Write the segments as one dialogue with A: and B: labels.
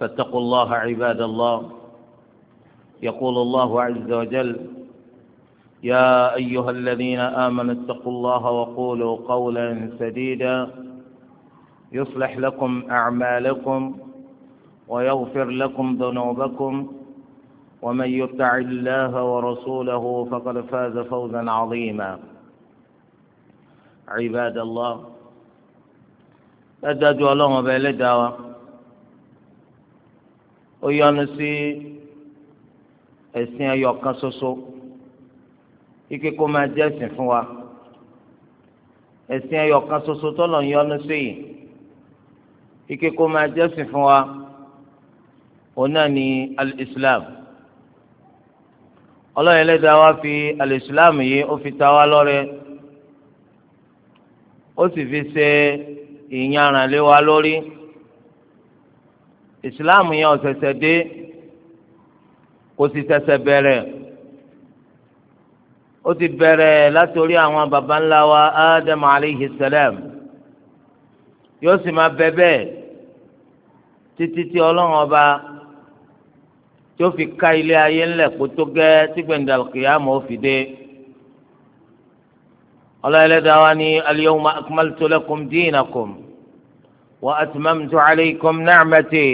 A: فاتقوا الله عباد الله يقول الله عز وجل يا أيها الذين آمنوا اتقوا الله وقولوا قولا سديدا يصلح لكم أعمالكم ويغفر لكم ذنوبكم ومن يطع الله ورسوله فقد فاز فوزا عظيما عباد الله أدى جوالهم بإلدعوة ó yọ́nú sí ẹ̀sìn ẹyọ kan ṣoṣo ike kó máa jẹ́ ẹ̀sìn fún wa ẹ̀sìn ẹyọ kan ṣoṣo tọ́lọ̀ ń yọ́nú sí yìí ike kó máa jẹ́ ẹ̀sìn fún wa òun náà ni al-islam ọlọ́run ẹlẹ́dàá wa fi al-islam yìí ó fi ta wá lọ́rẹ ó sì fi ṣe ìyànràn lórí ìsìláàmù yẹn ọ̀sẹ̀sẹ̀ dé kò sì ṣẹ̀ṣẹ̀ bẹ̀rẹ̀ ó ti bẹ̀rẹ̀ látòrí àwọn baba ńlá wa ádámù aleyhi sẹlẹm yóò sì máa bẹ bẹ́ẹ̀ títí tí ọlọ́run ọba tí ó fi ká ilé ayé ńlẹ̀ kó tó gẹ́ tí gbẹ̀ndàlùkìyàmù ó fi dé ọlọ́ọ̀lẹ́dàá wa ní al-yawma akmaltu wa atmamtu alaykum ni'mati.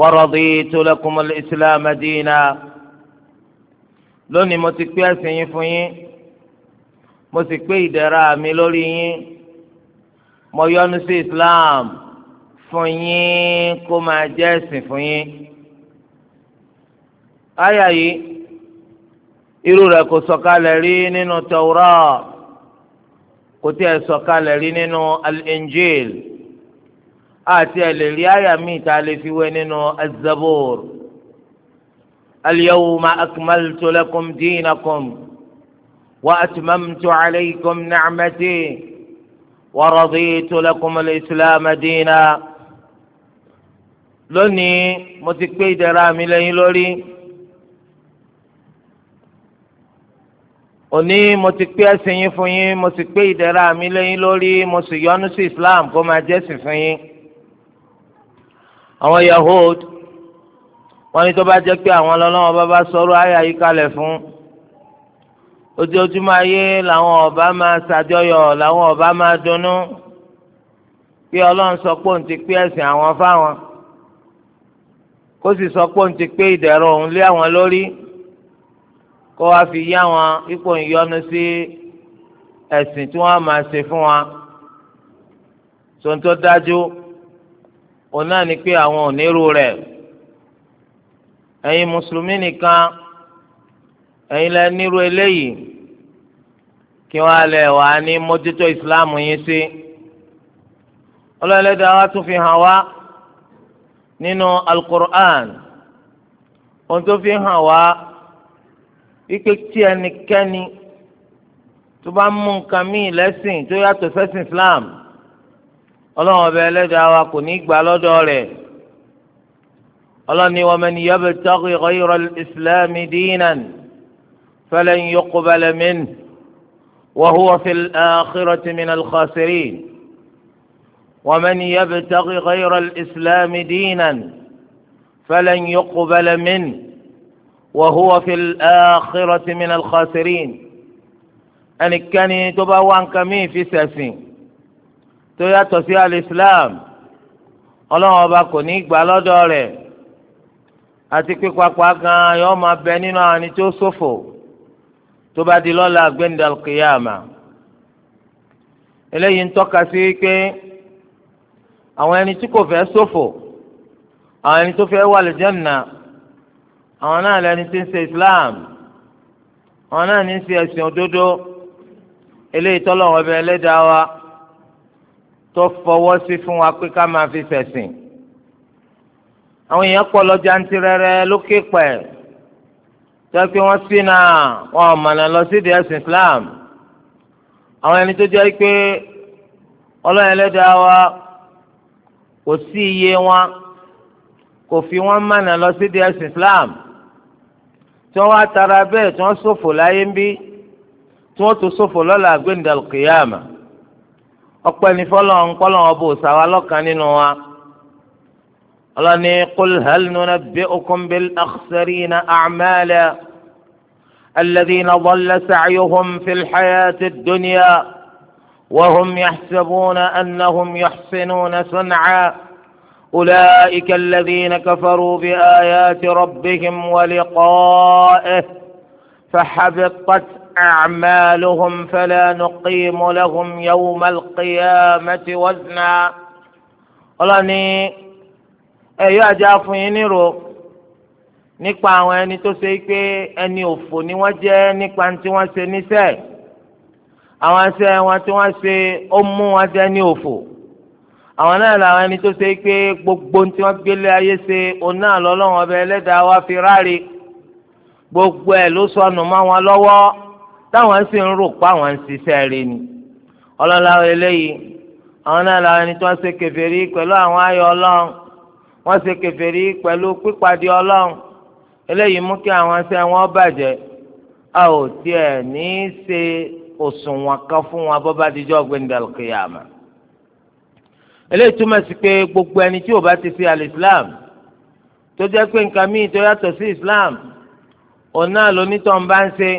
A: ورضيت لكم الإسلام دينا lónìí mo ti pé ẹ̀sìn yín fún yín mo sì pé ìdẹ̀ra mi lórí yín mo yọ́nú sí Islam fún yín kó máa jẹ́ ẹ̀sìn fún yín. àyà yìí irú rẹ̀ kò sọ̀kalẹ̀ rí nínú Tawrah kò tiẹ̀ sọ̀kalẹ̀ rí nínú Al-Injil àti ẹ̀lẹ́ rí àyà mi ta lè fi wé nínú Az-Zabur al-yawma akmaltu lakum dinakum wa atmamtu alaykum ni'mati wa raditu lakum al-islam dina lónìí mo ti pé ìdẹ̀ra mi lẹ́yìn lórí. òní mo ti pé ẹ̀sìn yín fún yín mo sì pé ìdẹ̀ra mi lẹ́yìn lórí mo sì yọ́nú sí islam kó máa jẹ́sìn fún yín àwọn yahood wọ́n ní tó bá jẹ́ pé àwọn ọlọ́wọ́ bá bá sọ̀rọ̀ àyà yìí kalẹ̀ fún ojoojúmọ́ ayé làwọn ọba máa ṣàjọyọ̀ làwọn ọba máa dunnú pé ọlọ́run sọ pé òun ti pé ẹ̀sìn àwọn fáwọn kó sì sọ pé òun ti pé ìdẹ̀rùn òun lé àwọn lórí kó wá fi yá wọn ipò ìyọnu sí ẹ̀sìn tí wọ́n máa ṣe fún wa sọ̀ńtò dájú. Ona náà ni pé àwọn onírú rẹ̀ ẹ̀yin mùsùlùmí nìkan ẹ̀yin lẹ nírú eléyìí kí wọ́n á lẹ̀ wá ní mójútó ìsìláàmù yín sí ọlọ́ọ̀lẹ́dàá wa tún fi hàn wá nínú alukur'an ohun tó fi hàn wá wípé tí ẹnikẹ́ni tó bá mú nǹkan míì lẹ́sìn tó yàtọ̀ sẹ́sìn islam ọlọ́run ọba ẹlẹ́dàá gbà lọ́dọ̀ kò ní gbà lọ́dọ̀ rẹ̀ ọlọ́run ni bẹ wa man yabtaghi ghayra al-islami dinan falan yuqbala minhu wa huwa fil akhirati minal khasirin wa man yabtaghi ghayra al-islami dinan falan yuqbala minhu wa huwa fil akhirati minal khasirin ẹnikẹ́ni tó bá wá nǹkan mí fi ṣẹ̀sìn. tó yàtọ̀ sí alìsílám ọlọ́run ọba kò ní í gbà lọ́dọ̀ rẹ̀ àti pípapá gan yóò máa bẹ nínú àwọn ẹni tó ṣòfò tó bá di lọ́la gbẹ̀ndàl kìyàmà eléyìí ń tọ́ka sí pé àwọn ẹni tí kò fẹ́ ṣòfò àwọn ẹni tó fẹ́ wà lẹ́jẹ̀nà àwọn náà lẹni tí ń ṣe islam àwọn náà ní í ṣe ẹ̀sìn òdodo eléyìí tọ́lọ̀ ọ̀bẹ ẹlẹ́dàá wa. tó fọwọ́ sí fún wa pé ká máa fi ṣẹ̀sìn àwọn èèyàn pọ̀ lọ́jà ń tirẹ̀rẹ̀ lókè pẹ̀ tó pé wọ́n sí náà wọn ò mọ̀nà lọ sídìí ẹ̀sìn Islam àwọn ẹni tó jẹ́ pé ọlọ́run ẹlẹ́dàá wa kò sí iye wọn kò fi wọn mọ̀nà lọ sídìí ẹ̀sìn Islam tí wọ́n wá tara bẹ́ẹ̀ tí wọ́n ṣòfò láyé ń bí tí wọ́n tó ṣòfò lọ́la gbẹ̀ndàlùkìyàmà. ọpẹ́ ní fọlọ́n kọ́lọ́n ọba òsàwà lọ́kàn nínú wa ọlọ́ni kul qul hal nunabbi'ukum bil na a'mala alladhina dhalla sa'yuhum fil hayati ad-dunya wa hum yahsabuna annahum yuhsinuna sun'a أولئك الذين كفروا بآيات ربهم ولقائه فحبطت أعمالهم فلا نقيم لهم يوم القيامة وزنا ọlọ́ni ẹ̀yọ́ ajá fún yín nírò nípa àwọn ẹni tó ṣe pé ẹni òfò ni wọ́n jẹ́ nípa tí wọ́n ṣe níṣẹ́ àwọn iṣẹ́ wọn tí wọ́n ṣe ó mú wọn jẹ́ ní òfò àwọn náà làwọn ẹni tó ṣe pé gbogbo tí wọ́n gbélé ayé ṣe òun náà lọ́lọ́wọ́n ọbẹ̀ ẹlẹ́dàá wa fi ráre gbogbo ẹ̀ ló sọnù mọ́ wọn lọ́wọ́. táwọn sì ń rò àwọn ń ṣiṣẹ́ rí ni ọlọ́lá eléyìí àwọn náà làwọn ẹni tí wọ́n ṣe pẹ̀lú àwọn ayọ̀ ọlọ́run wọ́n ṣe kèfèrí pẹ̀lú pípadì ọlọ́run eléyìí mú kí àwọn ṣe a ò tiẹ̀ ní í ṣe wọn bá ti eléyìí túmọ̀ sí gbogbo ẹni tí ò ti ṣe tó jẹ́ pé nǹkan míì tó yàtọ̀ sí òun náà ń bá ń ṣe.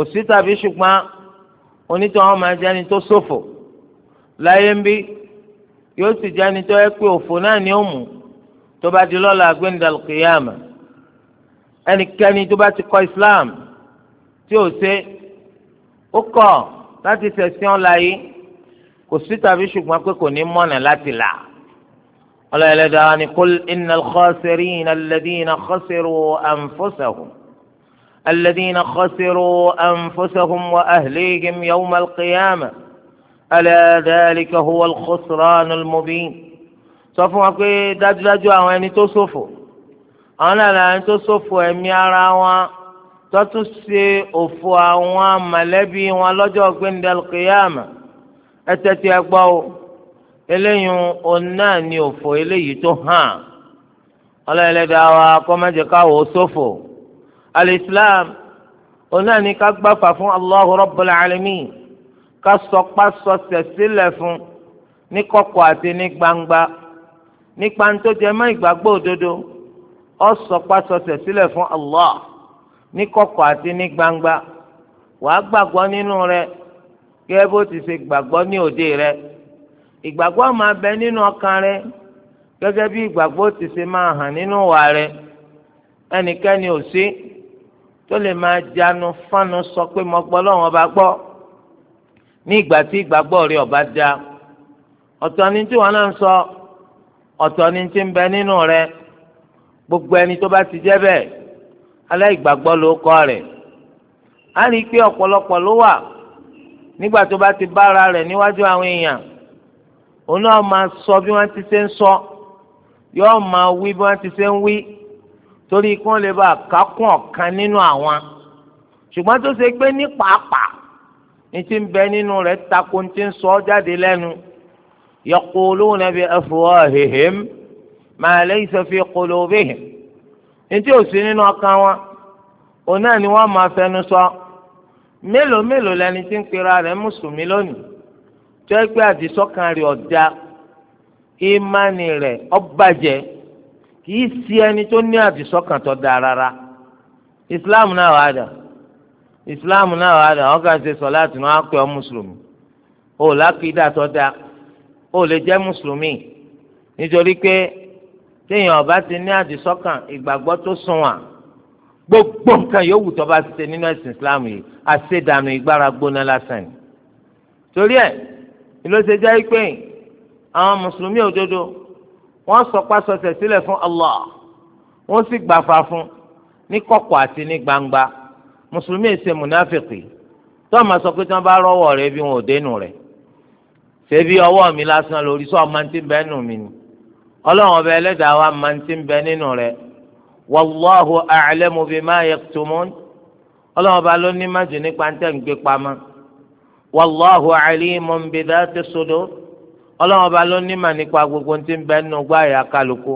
A: kò sí tàbí ṣùgbọ́n onítọ̀ àwọn máa jẹ́ni tó ṣòfò láyé ń bí yóò sì jẹ́ni tó yẹ pé òfò náà ni ó mú tó bá di lọ́la gbẹ̀ndàlùkìyàmà ẹnikẹ́ni tó bá ti kọ̀ Islam tí ò ṣe ó kọ̀ láti ṣẹ̀sìn ọ̀la kò sí tàbí ṣùgbọ́n pé kò ní mọ̀nà láti là ọlọ́yẹlẹ́dàá ni kul innal khasirina alladhina khasiru anfusahum. الذين خسروا أنفسهم وأهليهم يوم القيامة ألا ذلك هو الخسران المبين sọfún wa pé dájúdájú àwọn ẹni tó ṣòfò àwọn náà làwọn ẹni tó ṣòfò ẹ̀mí ara wọn tó tún ṣe òfò àwọn mọ̀lẹ́bí wọn lọ́jọ́ gbẹndẹlùkìyàmà ẹ tẹ́tí ẹ gbọ́ o eléyìí òun náà ni òfò eléyìí tó hàn ọlọ́ọ̀lẹ́dàá wa kọ́ mẹ́jẹ káwọ́ ṣòfò. alìsílám onáni ká gbáfà fún Allahu Rabbul Alamin ká sọpá sọsẹ̀ sílẹ̀ fún ní kọ̀kọ̀ ati ní gbangba nípa ń tó jẹ mọ́ ìgbàgbọ́ òdodo ó sọpá sọsẹ̀ sílẹ̀ Allah ní kọ̀kọ̀ àti ní gbangba wàá gbàgbọ́ nínú rẹ̀ gẹ́gẹ́ bó ti ṣe gbàgbọ́ ní òde rẹ̀ ìgbàgbọ́ máa bẹ nínú ọkàn rẹ̀ gẹ́gẹ́ bí ìgbàgbọ́ ti ṣe máa hàn nínú wà rẹ̀ ẹnikẹ́ni ò sí. tó lè máa jánu fánu sọ pé mo gbọ́ lọ́wọ́ bá gbọ́ ní ìgbà tí ìgbàgbọ́ rẹ ọba da ọ̀tọ̀ ni tí wọn náà ń sọ ọ̀tọ̀ ni tí ń bẹ nínú rẹ gbogbo ẹni tó bá ti jẹ́ bẹ́ẹ̀ aláìgbàgbọ́ ló kọ́ rẹ̀ á rí i pé ọ̀pọ̀lọpọ̀ ló wà nígbà tó bá ti bára rẹ̀ níwájú àwọn èèyàn òun náà máa sọ bí wọ́n ti ṣe ń sọ yóò máa wí bí wọ́n ti ṣe ń wí torí kí wọ́n lè bá kákún ọ̀kan nínú àwọn ṣùgbọ́n tó ṣe pé ní pàápàá ní ti ń bẹ nínú rẹ̀ tako ní ti ń sọ jáde lẹ́nu yaquluna bi afwahihim ma laysa fi qulubihim ní tí ò sí nínú ọkàn wọn òun náà ni wọ́n máa fẹnu sọ mélòó mélòó lẹni tí ń pera rẹ̀ mùsùlùmí lónìí tó ẹgbẹ́ àdìsọ́kàn rẹ̀ ọ̀dà ìmánì rẹ̀ ó kìí sí ẹni tó ní àdìsọ́kàn tó dáa rárá ìsìláàmù náà wà dà ìsìláàmù náà wà dà ọ̀gá ṣe sọ láti wọn á pè mùsùlùmí o ò lákìdá tó dáa o ò lè jẹ́ mùsùlùmí nítorí pé téèyàn ọba ti ní àdìsọ́kàn ìgbàgbọ́ tó sunwọ̀n gbogbo nǹkan yòówù tó bá ti ṣe nínú ẹ̀sìn ìsìláàmù yìí àṣedànù ìgbára gbóná lásán ni torí ẹ̀ ló ṣe jẹ́ pé àwọn mùsùlùmí òdodo wọ́n sọpá sọsẹ̀ sílẹ̀ fún Allah wọ́n sì gbàfà fún ní kọ̀kọ̀ àti ní gbangba mùsùlùmí ṣe múnáfìkì tó àmà sọ pé tí wọ́n bá rọ́wọ́ rẹ̀ bí wọn ò dénú rẹ̀ ṣebí ọwọ́ mi lásán lórí sọ ọmọ tí ń bẹ nù mí ni ọlọ́run ọba ẹlẹ́dàá wa máa ti ń bẹ nínú rẹ̀ wallahu a'lamu bima yaktumun ọlọ́run ọba ló ní májè nípa ń tẹ̀ ń gbé pamọ́ wallahu alimun bi dhati sudur ọlọ́run ọba ló ní mà nípa gbogbo tí ń bẹ nínú gbáyà kálukú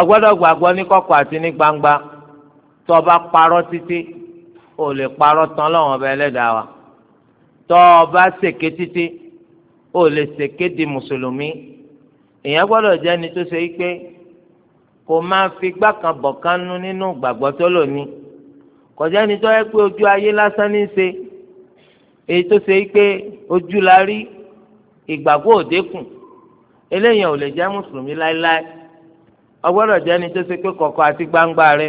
A: ọgbọ́dọ̀ gbàgbọ́ ní kọ̀kọ̀ àti ní gbangba tó o bá parọ́ títí o lè parọ́ tán ọlọ́run ọba ẹlẹ́dàá wa tó o bá ṣèké títí o lè ṣèké di mùsùlùmí èèyàn gbọ́dọ̀ jẹ́ ni tó ṣe pé kò máa fi gbàkan bọ̀kan nu nínú gbàgbọ́ tó lò ní kọjá ni tó yẹ pé ojú ayé lásán ní í ṣe èyí tó ṣe pé ojú la rí ìgbàgbọ́ òdekù eléyìí ò lè jẹ́ mùsùlùmí láéláé ọgbọ́dọ̀ jẹ́ ni tó ṣe pé kọ̀kọ̀ àti gbangba rẹ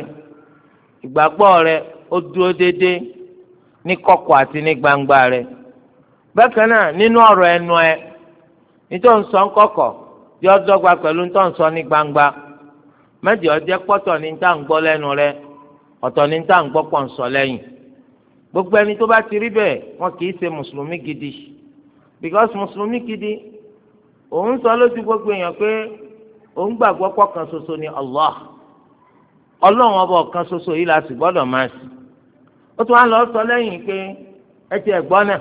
A: ìgbàgbọ́ rẹ ó dúró dédé ní kọ̀kọ̀ àti ní gbangba rẹ bákan náà nínú ọ̀rọ̀ ẹnu ẹ sọ yọ dọ́gba pẹ̀lú ń sọ ní gbangba pọ́tọ̀ ní tá rẹ ọ̀tọ̀ ní tá à ń gbọ́ pọ̀ gbogbo ẹni tó bá ti wọn kì í ṣe gidi because mùsùlùmí gidi òun sọ lójú gbogbo èèyàn pé òun gbàgbọ́ pọ̀ kan ṣoṣo ni Allah ọlọ́run ọba ọ̀kan ṣoṣo yìí la sì gbọ́dọ̀ máa sì ó tún wá lọ sọ lẹ́yìn pé ẹ ti náà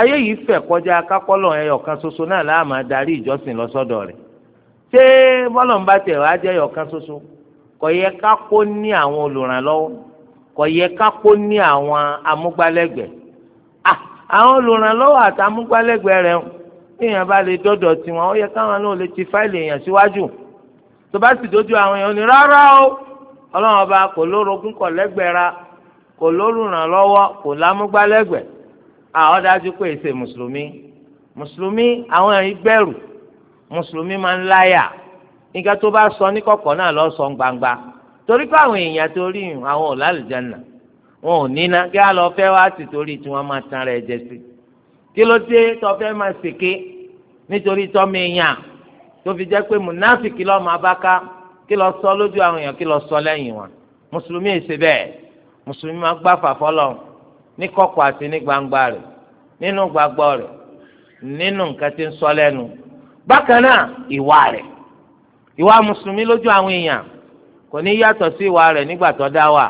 A: ayé yìí fẹ̀ kọjá kápọ́lọ̀ kan ṣoṣo náà láà máa darí ìjọsìn lọ sọ́dọ̀ àwọn olùrànlọ́wọ́ àtàmúgbálẹ́gbẹ̀ẹ́ rẹ̀ èèyàn bá lè dọ́dọ̀ tiwọn ó yẹ káwọn náà lè ti fáìlì èèyàn síwájú tó bá sì dojú àwọn èèyàn ní rárá o ọlọ́run ọba kò lórogún kò lẹ́gbẹ̀ẹ́ra kò lórùrànlọ́wọ́ kò lámúgbálẹ́gbẹ̀ẹ́ àwọn dájú pé èsè e mùsùlùmí mùsùlùmí àwọn èèyàn bẹ̀rù mùsùlùmí máa ń láyà nígbà tó bá sọ ní kọ̀kọ̀ náà lọ sọ gbangba torí pé àwọn èèyàn torí àwọn ò lálùjánnà wọn ò níná kí á lọ fẹ́ wá sí torí tí wọ́n máa tan rẹ̀ jẹ sí kí ló dé tó fẹ́ máa ṣèké nítorí tọ́mọ èèyàn tó fi jẹ́ pé mùnáfìkì lọ́ọ́ máa bá ká kí lọ sọ lójú àwọn èèyàn kí lọ sọ lẹ́yìn wọn mùsùlùmí èsè bẹ́ẹ̀ mùsùlùmí máa gbá fàfọ́lọ́ ní kọ̀kọ̀ àti ní gbangba rẹ̀ nínú gbàgbọ́ rẹ̀ nínú nǹkan tí ń sọ lẹ́nu bákan náà ìwà rẹ̀ ìwà mùsùlùmí lójú àwọn èèyàn kò ní yàtọ̀ sí ìwà rẹ̀ nígbà tó dá wà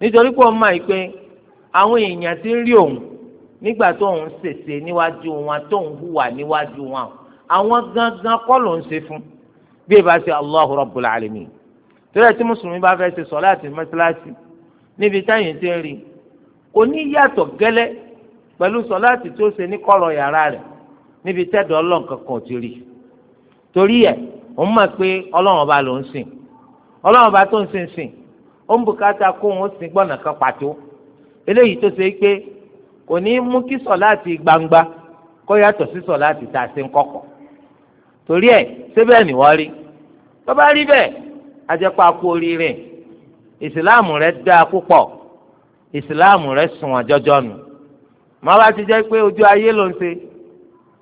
A: nítorí pé ọmọ yìí pé àwọn èèyàn ti ń rí òun nígbà tó ń ṣèṣe níwájú wọn tó ń hùwà níwájú wọn àwọn gangan kọ́ ló ń ṣe fún bí ẹ bá ṣe Allahu Rabbul Alamin tẹ́lẹ̀ tí mùsùlùmí bá fẹ́ ṣe sọ́láàtì mọ́ṣáláṣí níbi táyìn ti ń rí kò ní yàtọ̀ gẹ́lẹ́ pẹ̀lú sọ́láàtì tó ṣe ní kọ̀rọ̀ yàrá rẹ̀ níbi tẹ́dọ̀ ọlọ́run kankan ti rí torí ẹ̀ òun mọ̀ pé ọlọ́run ọba ló ń sìn ọlọ́run ọba tó ń sìn sìn ó ń bùkátà kó òun sìn gbọ́nà kan pàtó eléyìí tó ṣe é pé kò ní mú kí sọ̀láàtì gbangba kó yàtọ̀ sí sọ̀láàtì tá a ṣe ń kọ̀kọ̀ torí ẹ̀ síbẹ̀ ni wọ́n rí tó bá rí bẹ́ẹ̀ ajẹ́pọ̀ akú oríire ìsìláàmù rẹ̀ dáa púpọ̀ ìsìláàmù rẹ̀ sùn àjọjọ́ nù màá bá ti jẹ́ pé ojú ayé ló ń ṣe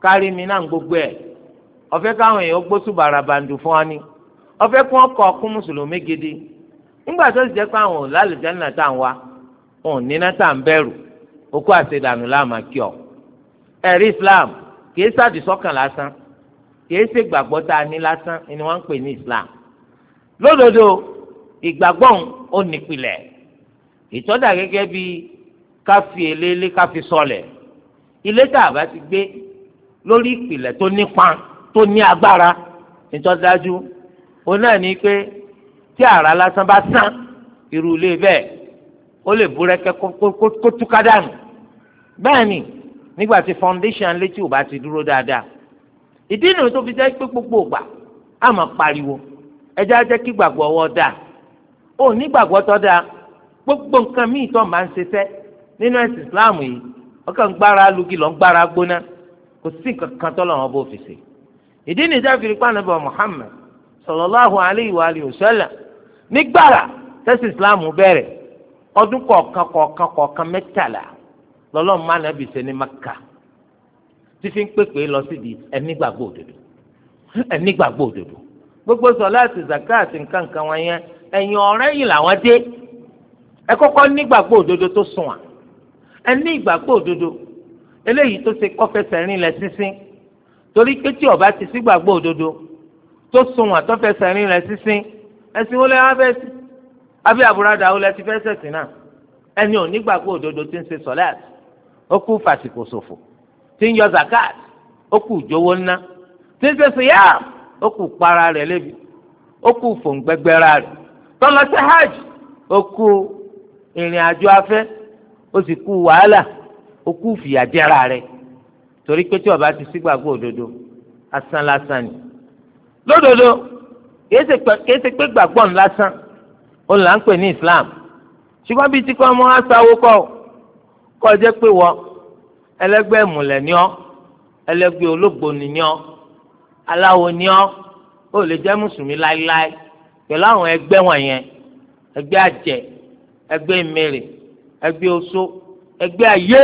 A: kárí mi náà gbogbo ẹ̀ ọ̀fẹ́ káwọn èèyàn gbósùbàrà bàǹdù fún wa ni ọ̀fẹ́ kí wọ́n kọ́ ọkún mùsùlùmí gidi nígbà tó ti jẹ́ pé àwọn olùlàlùjáná tá à ń wá òun níná tá à ń bẹ̀rù okó àṣedànù láàmà kí ọ. ẹ̀rí Islam kìí ṣàdìsọ́kàn lásán kìí ṣe gbàgbọ́ tá a ní lásán ni wọ́n ń pè ní Islam. lódodo ìgbàgbọ́ ò nípìlẹ̀ ìtọ́jà gẹ́gẹ́ bí káfí eléle káfí sọlẹ̀ ilé tá a bá ti gbé lórí ìpìlẹ̀ tó nípa tó ní agbára ìtọ́jájú òun náà ní pé tí ara lásán bá sán irú ilé bẹ́ẹ̀ ó lè búrẹ́kẹ́ kó túká dànù bẹ́ẹ̀ ni nígbà foundation létí ò bá ti dúró dáadáa ìdí nìyẹn tó fi jẹ́ pé gbogbo ògbà á pariwo ẹja jẹ́ kí gbàgbọ́ ọwọ́ dáa ò ní gbàgbọ́ dáa gbogbo nǹkan míì tó máa ń nínú ẹ̀sìn Islam yìí ọkàn gbára lugi lọ́n gbára gbóná kò sí nǹkan kan tó lọ́wọ́ bó fi ṣe ìdí Muhammad Nigbara, tẹ́sí islam bẹ̀rẹ̀ ọdún kọ̀ọ̀kan kọ̀ọ̀kan kọ̀ọ̀kan mẹ́tàlá lọ́lọ́run máa nàbì ṣe ní maka tí fi ń pèpè lọ sí di ẹni gbàgbọ́ òdodo ẹni gbàgbọ́ òdodo gbogbo sọláàtì zakati nkankan wọn yẹn ẹ̀yìn ọ̀rẹ́ yìí làwọn dé ẹ kọ́kọ́ nígbàgbọ́ òdodo tó sùn à ẹni ìgbàgbọ́ òdodo eléyìí tó ṣe kọ́fẹsẹ̀ rìn lẹ sísìn torí pé tí ọba ti sígbàgbọ́ òdodo tó sùn à tọ́fẹsẹ̀ rìn lẹ sísìn ẹ̀sìn wọlé abẹ́sí àbí àbúradà wọlé ti fẹ́ sẹ̀sìn náà ẹni òdodo ti ń ṣe sọ̀láàt ó fàṣìkò ṣòfò ti ń yọ zakat ó kú ńná ti ń ṣe para rẹ̀ lébi fòǹgbẹ́gbẹ́ra rẹ̀ hajj oku ìrìn àjò afẹ́ ó sì kú wàhálà ó kú rẹ̀ torí pé tí ti òdodo asán lásán kìí ṣe pé gbàgbọ́ ń lásán òun là ń pè ní islam ṣùgbọ́n bíi tíkọ́ ọmọ aṣáwó kọ́ kọ́ jẹ́ pé wọ ẹlẹ́gbẹ́ ìmùlẹ̀ ni ọ́ ẹlẹ́gbẹ́ olóògbòni ni ọ́ aláwo ni ọ́ ó lè jẹ́ mùsùlùmí láéláé pẹ̀lú àwọn ẹgbẹ́ wọ̀nyẹn ẹgbẹ́ àjẹ́ ẹgbẹ́ ìmẹ̀rẹ̀ ẹgbẹ́ oṣó ẹgbẹ́ ayé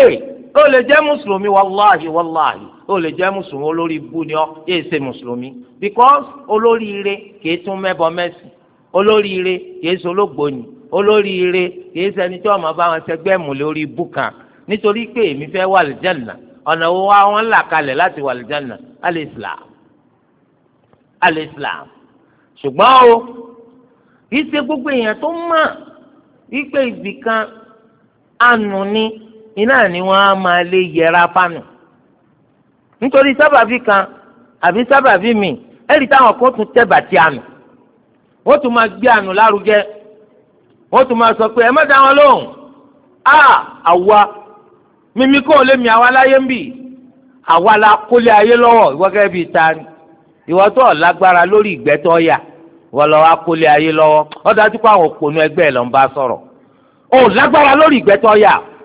A: ó lè jẹ́ mùsùlùmí wàláhì wàláhì ó lè jẹ́ mùsùlùmí olórí ibú ni ọ́ yéé ṣe mùsùlùmí because olóríire kìí tún mẹ́bọ mẹ́sì olóríire kìí ṣe ológbòyìn olóríire kìí ṣe ẹni tí wọ́n máa bá wọn ṣẹgbẹ́ mú lórí ibú kan nítorí pé èmi fẹ́ wà lìjánà ọ̀nà wo wá wọn là kalẹ̀ láti wà lìjánà alẹ́ islam alẹ́ islam ṣùgbọ́n o kìí ṣe gbogbo èèyàn tó mọ̀ wípé ibìkan ànú ni iná ni wọn á máa lè yẹra fánù nítorí sábàbí kan àbí sábàbí mi ẹ̀rí táwọn kan tún tẹ̀ bàtí ànù wọ́n tún máa gbé ànù lárugẹ tún sọ pé ẹ má dá a àwa mímí kò mi àwa láyé ń bì àwa la kólé ayé lọ́wọ́ ìwọ ta ni ìwọ tó lágbára lórí ìgbẹ́tọ́ yà wọ́n ayé lọ́wọ́ pé àwọn òpònú ẹgbẹ́ ẹ̀ bá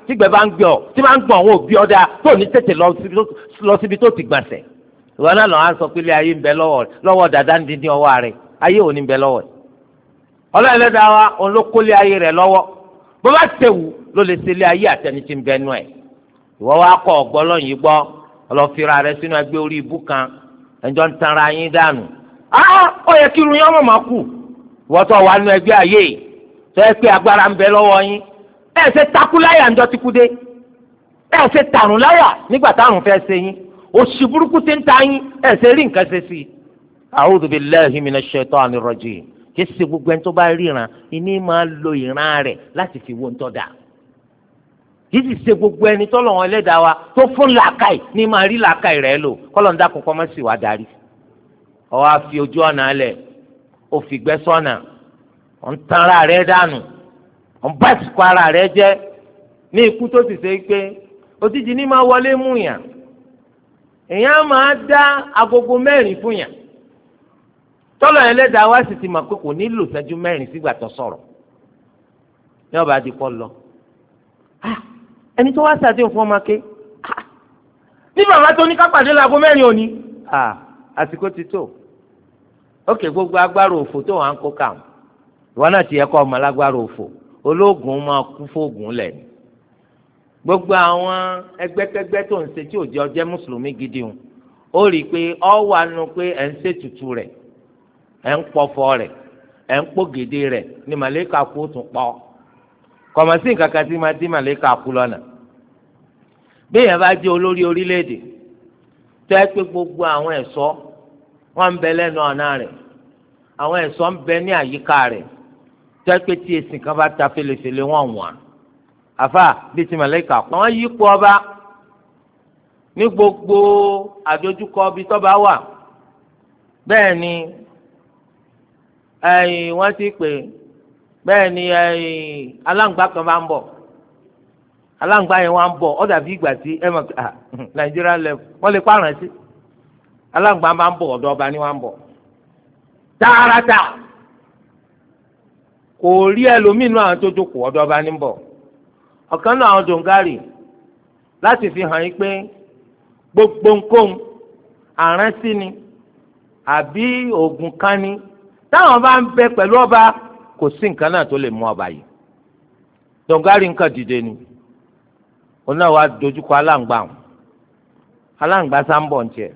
A: tígbẹ́ bá ń gbọ́ tí bá ń gbọ́ àwọn òbí ọ̀dà tó ní tètè lọ síbi tó ti gbàsẹ̀ ìwọ náà lọ́wọ́ sọ pé ilé ayé ń bẹ lọ́wọ́ dàda ń dín ní ọwọ́ rẹ̀ ayé ò ní bẹ lọ́wọ́ ẹ̀ ọlọ́ọ̀lẹ́dà wa òun ló kólé ayé rẹ̀ lọ́wọ́ bó bá tẹ̀wù ló lè ṣe ilé ayé àtẹni tí ń bẹ nú ẹ̀ ìwọ wa kọ ọ̀gbọ́ lọ́yìn gbọ́ ẹ ṣe takú láyà ńjọ́ ti kú dé ẹ ṣe tàrùn láyà nígbà táwọn fẹ́ ṣe yín òṣì burúkú ti ń ta yín ẹ ṣe rí nǹkan ṣe sí i. a'udhu billahi minash shaitani rajim kì í ṣe gbogbo ẹni tó bá ríran iní máa lo ìran rẹ̀ láti fi wo ń tọ́ da kì í sì ṣe gbogbo ẹni tọ́lọ̀ wọn ẹlẹ́dàá wa tó fún làákàì ní máa rí làákàì rẹ̀ lò kọ́lọ̀ ń dákun kọ́mọ́ sì wá darí ó wá fi ojú ọ̀nà alẹ̀ ó ọ̀ ń tanra rẹ̀ dànù ọ̀n bá ìsìnkú ara rẹ jẹ́ ní ikú tó sì ṣe pé òtítì ní máa wọlé mú yàn èèyàn máa dá agogo mẹ́rin fún yàn tọ́lọ̀ ẹlẹ́dàá wá sì ti mọ̀ pé kò nílò ìṣẹ́jú mẹ́rin sígbà tó sọ̀rọ̀ ní ọba àdìpọ̀ lọ ẹni tó wá sàdéhùn fún ọmọ ké ní bàbá tó ní kápàdé làgó mẹ́rin òní àsìkò ti tó ókè gbogbo agbára òfò tó wà ń kó kàm ìwọ náà ti yẹ kọ́ ọmọ lágbára òfò ológun máa kú fóògùn gbogbo àwọn ẹgbẹ́kẹ́gbẹ́ tó ń ṣe tí ò jẹ́ ọjẹ́ mùsùlùmí gidi o ó rí i pé ọ wà nù pé ẹ ń ṣètùtù rẹ ẹ ń pọ̀fọ̀ rẹ ẹ ń pògèdè rẹ ni màlẹ́kà kú tún pọ kọ̀mọ̀sí nǹkan kan tí máa dín màlẹ́kà kú lọ́nà bí èèyàn bá jẹ́ olórí orílẹ̀-èdè pé gbogbo àwọn ẹ̀ṣọ́ wọn ń bẹ lẹ́nu ọ̀nà rẹ̀ àwọn ẹ̀ṣọ́ ń bẹ ní àyíká rẹ̀ tẹ́pẹ́ tí ẹ̀sìn kan bá ta felefele wọ́n wọ́n àfa bíi ti màlẹ́kà wọ́n yípo ọba ní gbogbo àdójúkọ ibi tọ́ba wà bẹ́ẹ̀ ni ẹ̀yìn wọ́n ti pè bẹ́ẹ̀ ni ẹ̀yìn aláǹgbá kan bá ń bọ̀ aláǹgbá yẹn wọ́n á ń bọ̀ ó dàbí ìgbà tí ẹ̀ mọ̀ nàìjíríà lẹ́fù wọ́n lè pààrọ̀ sí aláǹgbá máa ń bọ̀ ọ̀dọ̀ ọba ni wọ́n á ń bọ̀ tààràtà. kò rí ẹlòmíì náà tó jókòó ọ̀dọ̀ ọba ní bọ̀ ọ̀kan náà àwọn dòǹgárì láti fi hàn yín pé gbogbo nǹkan àrántí ni àbí oògùn kan ni táwọn bá ń bẹ pẹ̀lú ọba kò sí nǹkan náà tó lè mú ọba yìí dòǹgárì nǹkan dìde ni òun náà wàá dojúkọ aláǹgbá wọn aláǹgbá sáńbọ̀ ń tiẹ̀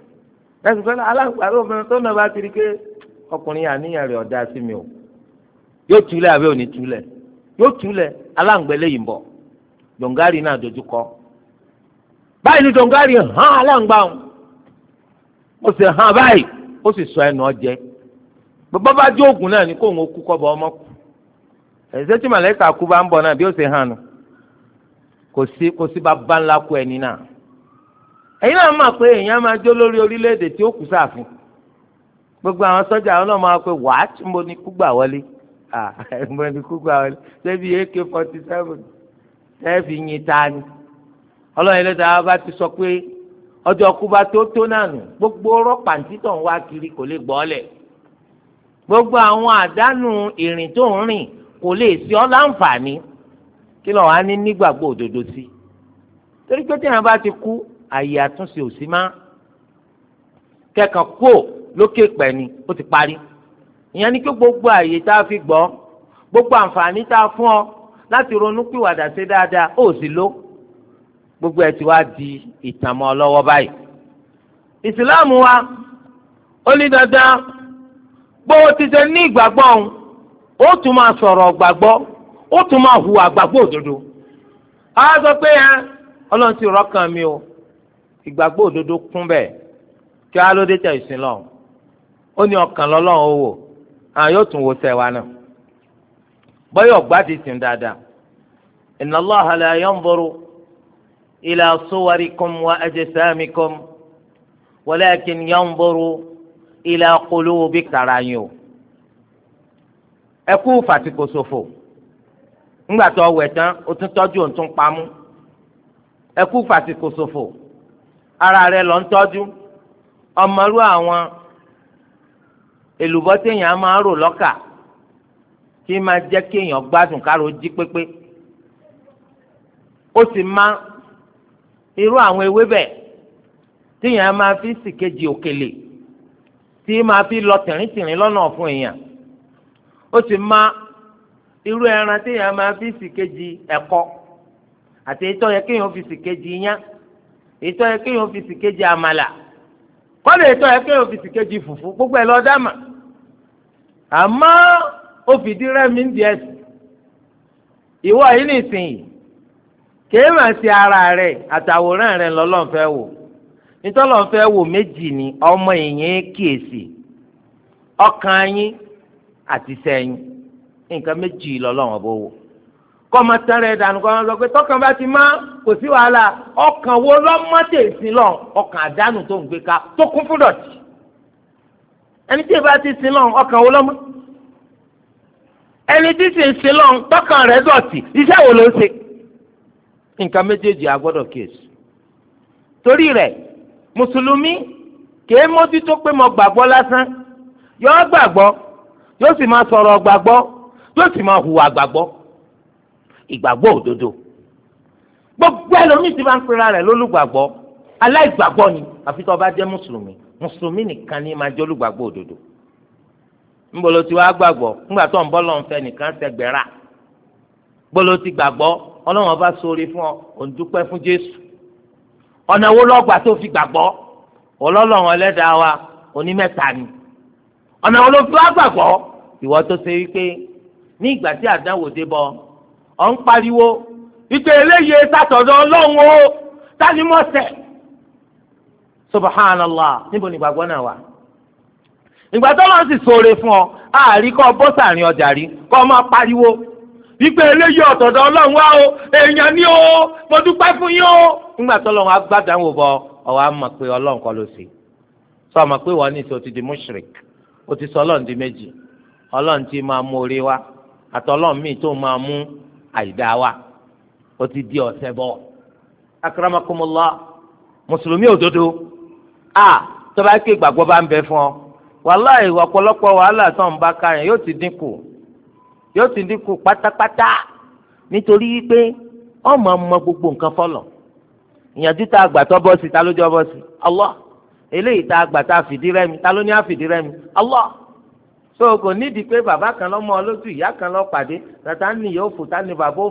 A: lẹ́sìn pé aláǹgbá tó náà bá ti rí i pé ọkùnrin àníyàn rẹ̀ ọ̀dà sí mi o. yóò túlẹ̀ àbí òní túlẹ̀ yóò túlẹ̀ aláǹgbẹ̀lẹ̀ yìí ń bọ̀ dòǹgárì náà dojú kọ báyìí ni dòǹgárì hàn aláǹgbà ń ó sì hàn báyìí ó sì sọ ẹnu ọjẹ bàbá bá jó oògùn náà ni kóun ó kú kọ́bọ ọmọ kù ẹ̀sẹ̀ tí màlẹ́kà kú bá ń bọ̀ náà bí ó sì hàn nù kò sí kò sí ńlá kú ẹni náà gbogbo àwọn sọ́jà pe wàá tí mo ní kú gbà wọlé ẹ̀mọ́ ẹni kúkú àwọn ṣẹ́bi ak forty seven ṣẹ́ẹ̀fì yin ta ni ọlọ́run ló dáa bá ti sọ pé ọjọ́ ọkú bá tó tó náà nù gbogbo ọ̀rọ̀ pàǹtí tó ń wá kiri kò lè gbọ́ lẹ̀ gbogbo àwọn àdánù ìrìn tó ń rìn kò lè sí ọ láǹfààní kí lọ́wọ́ á ní nígbàgbọ́ òdodo sí torí pé tíyẹn bá ti kú àyè àtúnṣe ò sí má kẹ́kàn kú lókè pẹ̀ ni ó ti parí ìyẹn ni pé gbogbo àyè tá a fi gbọ́ gbogbo àǹfààní tá a fún ọ láti ronú pìwàdà ṣe dáadáa ó sì lò gbogbo ẹ̀ ti wá di ìtàmọ́ ọlọ́wọ́ báyìí ìsìláàmù wa ó ní dandan bó o ti ṣe ní ìgbàgbọ́ òun ó tún máa sọ̀rọ̀ gbàgbọ́ ó tún máa hùwà gbàgbọ́ òdodo a sọ pé ẹ ọlọ́run ti rọ́kàn mi o ìgbàgbọ́ òdodo kún bẹ́ẹ̀ kí á tẹ̀ ìsìn lọ ó ní ọkàn lọ́lọ́run ó wò àwọn ah, yóò tún wo sẹ́wà náà bọ́yọ̀ ọ̀gbá ti sìn dáadáa inna Allaha la yanzuru ila suwarikum wa ajsamikum walakin yanzuru ila qulubi kàrà yín o ẹ kú fàtìkò ṣòfò ńgbà tó wẹ̀ tán o tún tọ́jú o tún pamú ẹ kú ara rẹ lọ ń tọ́jú ọmọlúwa àwọn èlùbọ́ téèyàn á máa rò lọ́kà tí máa jẹ́ kéèyàn gbádùn kárò jí pépé ó sì máa irú àwọn ewébẹ̀ téèyàn á máa fi kejì òkèlè tí máa fi lọ tìrìntìrìn lọ́nà fún èèyàn ó sì máa irú ẹran téèyàn máa fi àti fi iyán fi àmàlà kọ́lé fi fùfú gbogbo ẹ̀ lọ́ọ́ dá àmọ́ ó fìdí rẹ́mi ń di ẹ̀sìn ìwọ yìí nìsín kèé mà sí ara rẹ̀ àtàwòrán rẹ̀ lọ́lọ́n fẹ́ wò nítọ́lọ́n fẹ́ wò méjì ni ọmọ èèyàn kíyèsí ọkàn yín àti sẹ́yìn nǹkan méjì lọ́lọ́n ọ̀bọ wò kọ́mọ tẹ́rẹ̀ dànù kọ́mọ sọ pé tọkàn bá ti má kò sí wàhálà ọkàn wo lọ́mọdé lọ ọkàn àdánù tó ń gbé ká tó kún fún dọ̀tí ẹni tí ìbá ti sin lọ́n ọkàn wo lọ́mọ ẹni tí sì ń sin lọ́n tọkàn rẹ̀ dọ̀tí iṣẹ́ wo ló ń ṣe nǹkan méjèèjì a gbọ́dọ̀ kíyèsí torí rẹ̀ mùsùlùmí kìí mójútó pé mo gbàgbọ́ lásán yóò gbàgbọ́ yóò sì máa sọ̀rọ̀ gbàgbọ́ yóò sì máa hùwà gbàgbọ́ ìgbàgbọ́ òdodo gbogbo ẹlòmíì ti máa ń pera rẹ̀ lólùgbàgbọ́ aláìgbàgbọ́ ni àfi tó bá jẹ́ mùsùlùmí mùsùlùmí nìkan ní máa jẹ́ olùgbàgbọ́ òdodo ńbolo tí wàá gbàgbọ́ ńgbà tó ń bọ́ lọ́n fẹ́ nìkan sẹ́gbẹ̀rà gbolo ti gbàgbọ́ ọlọ́run ọba sórí fún ọ òǹdúpẹ́ fún jésù ọ̀nà wo lọ́gbà tó fi gbàgbọ́ ọlọ́run ẹlẹ́dàá wa onímẹ́ta ni ọ̀nà wo ló fi wá gbàgbọ́ ìwọ tó ṣe wípé ní ìgbà tí àdánwò dé bọ ọ ń pariwo ìpè eléyìí sàtọ̀dọ̀ ọlọ́run o tani mọ̀sẹ̀ subhanallah níbo ni ìgbàgbọ́ náà wà ìgbà tó lọ́n sì sóore fún ọ àárí kọ́ bọ́ sàárín ọjà rí kọ́ ọ pariwo wípé eléyìí ọ̀tọ̀dọ̀ ọlọ́run wá o èèyàn ni o mo dúpẹ́ yín o nígbà tó lọ́run agbádàáwò bọ ọ̀wá mọ̀ pé ọlọ́run kọ́ ló sọ ma pé wọ́n ní sọ ti di mushrik o ti sọ ọlọ́run di méjì ọlọ́run ti a tọ́ba kí ìgbàgbọ́ bá ń bẹ fún ọ wàláì ọ̀pọ̀lọpọ̀ wàhálà tó ń bá yẹn yóò ti dínkù pátápátá nítorí pé ọmọ ọmọ gbogbo nǹkan fọlọ ìyànjú tá a gbà tó bọ́ sí ta ló jọ bọ́ sí eléyìí tá kò nídìí pé bàbá kan lọ́mọ ìyá kan lọ́ pàdé tani bàbá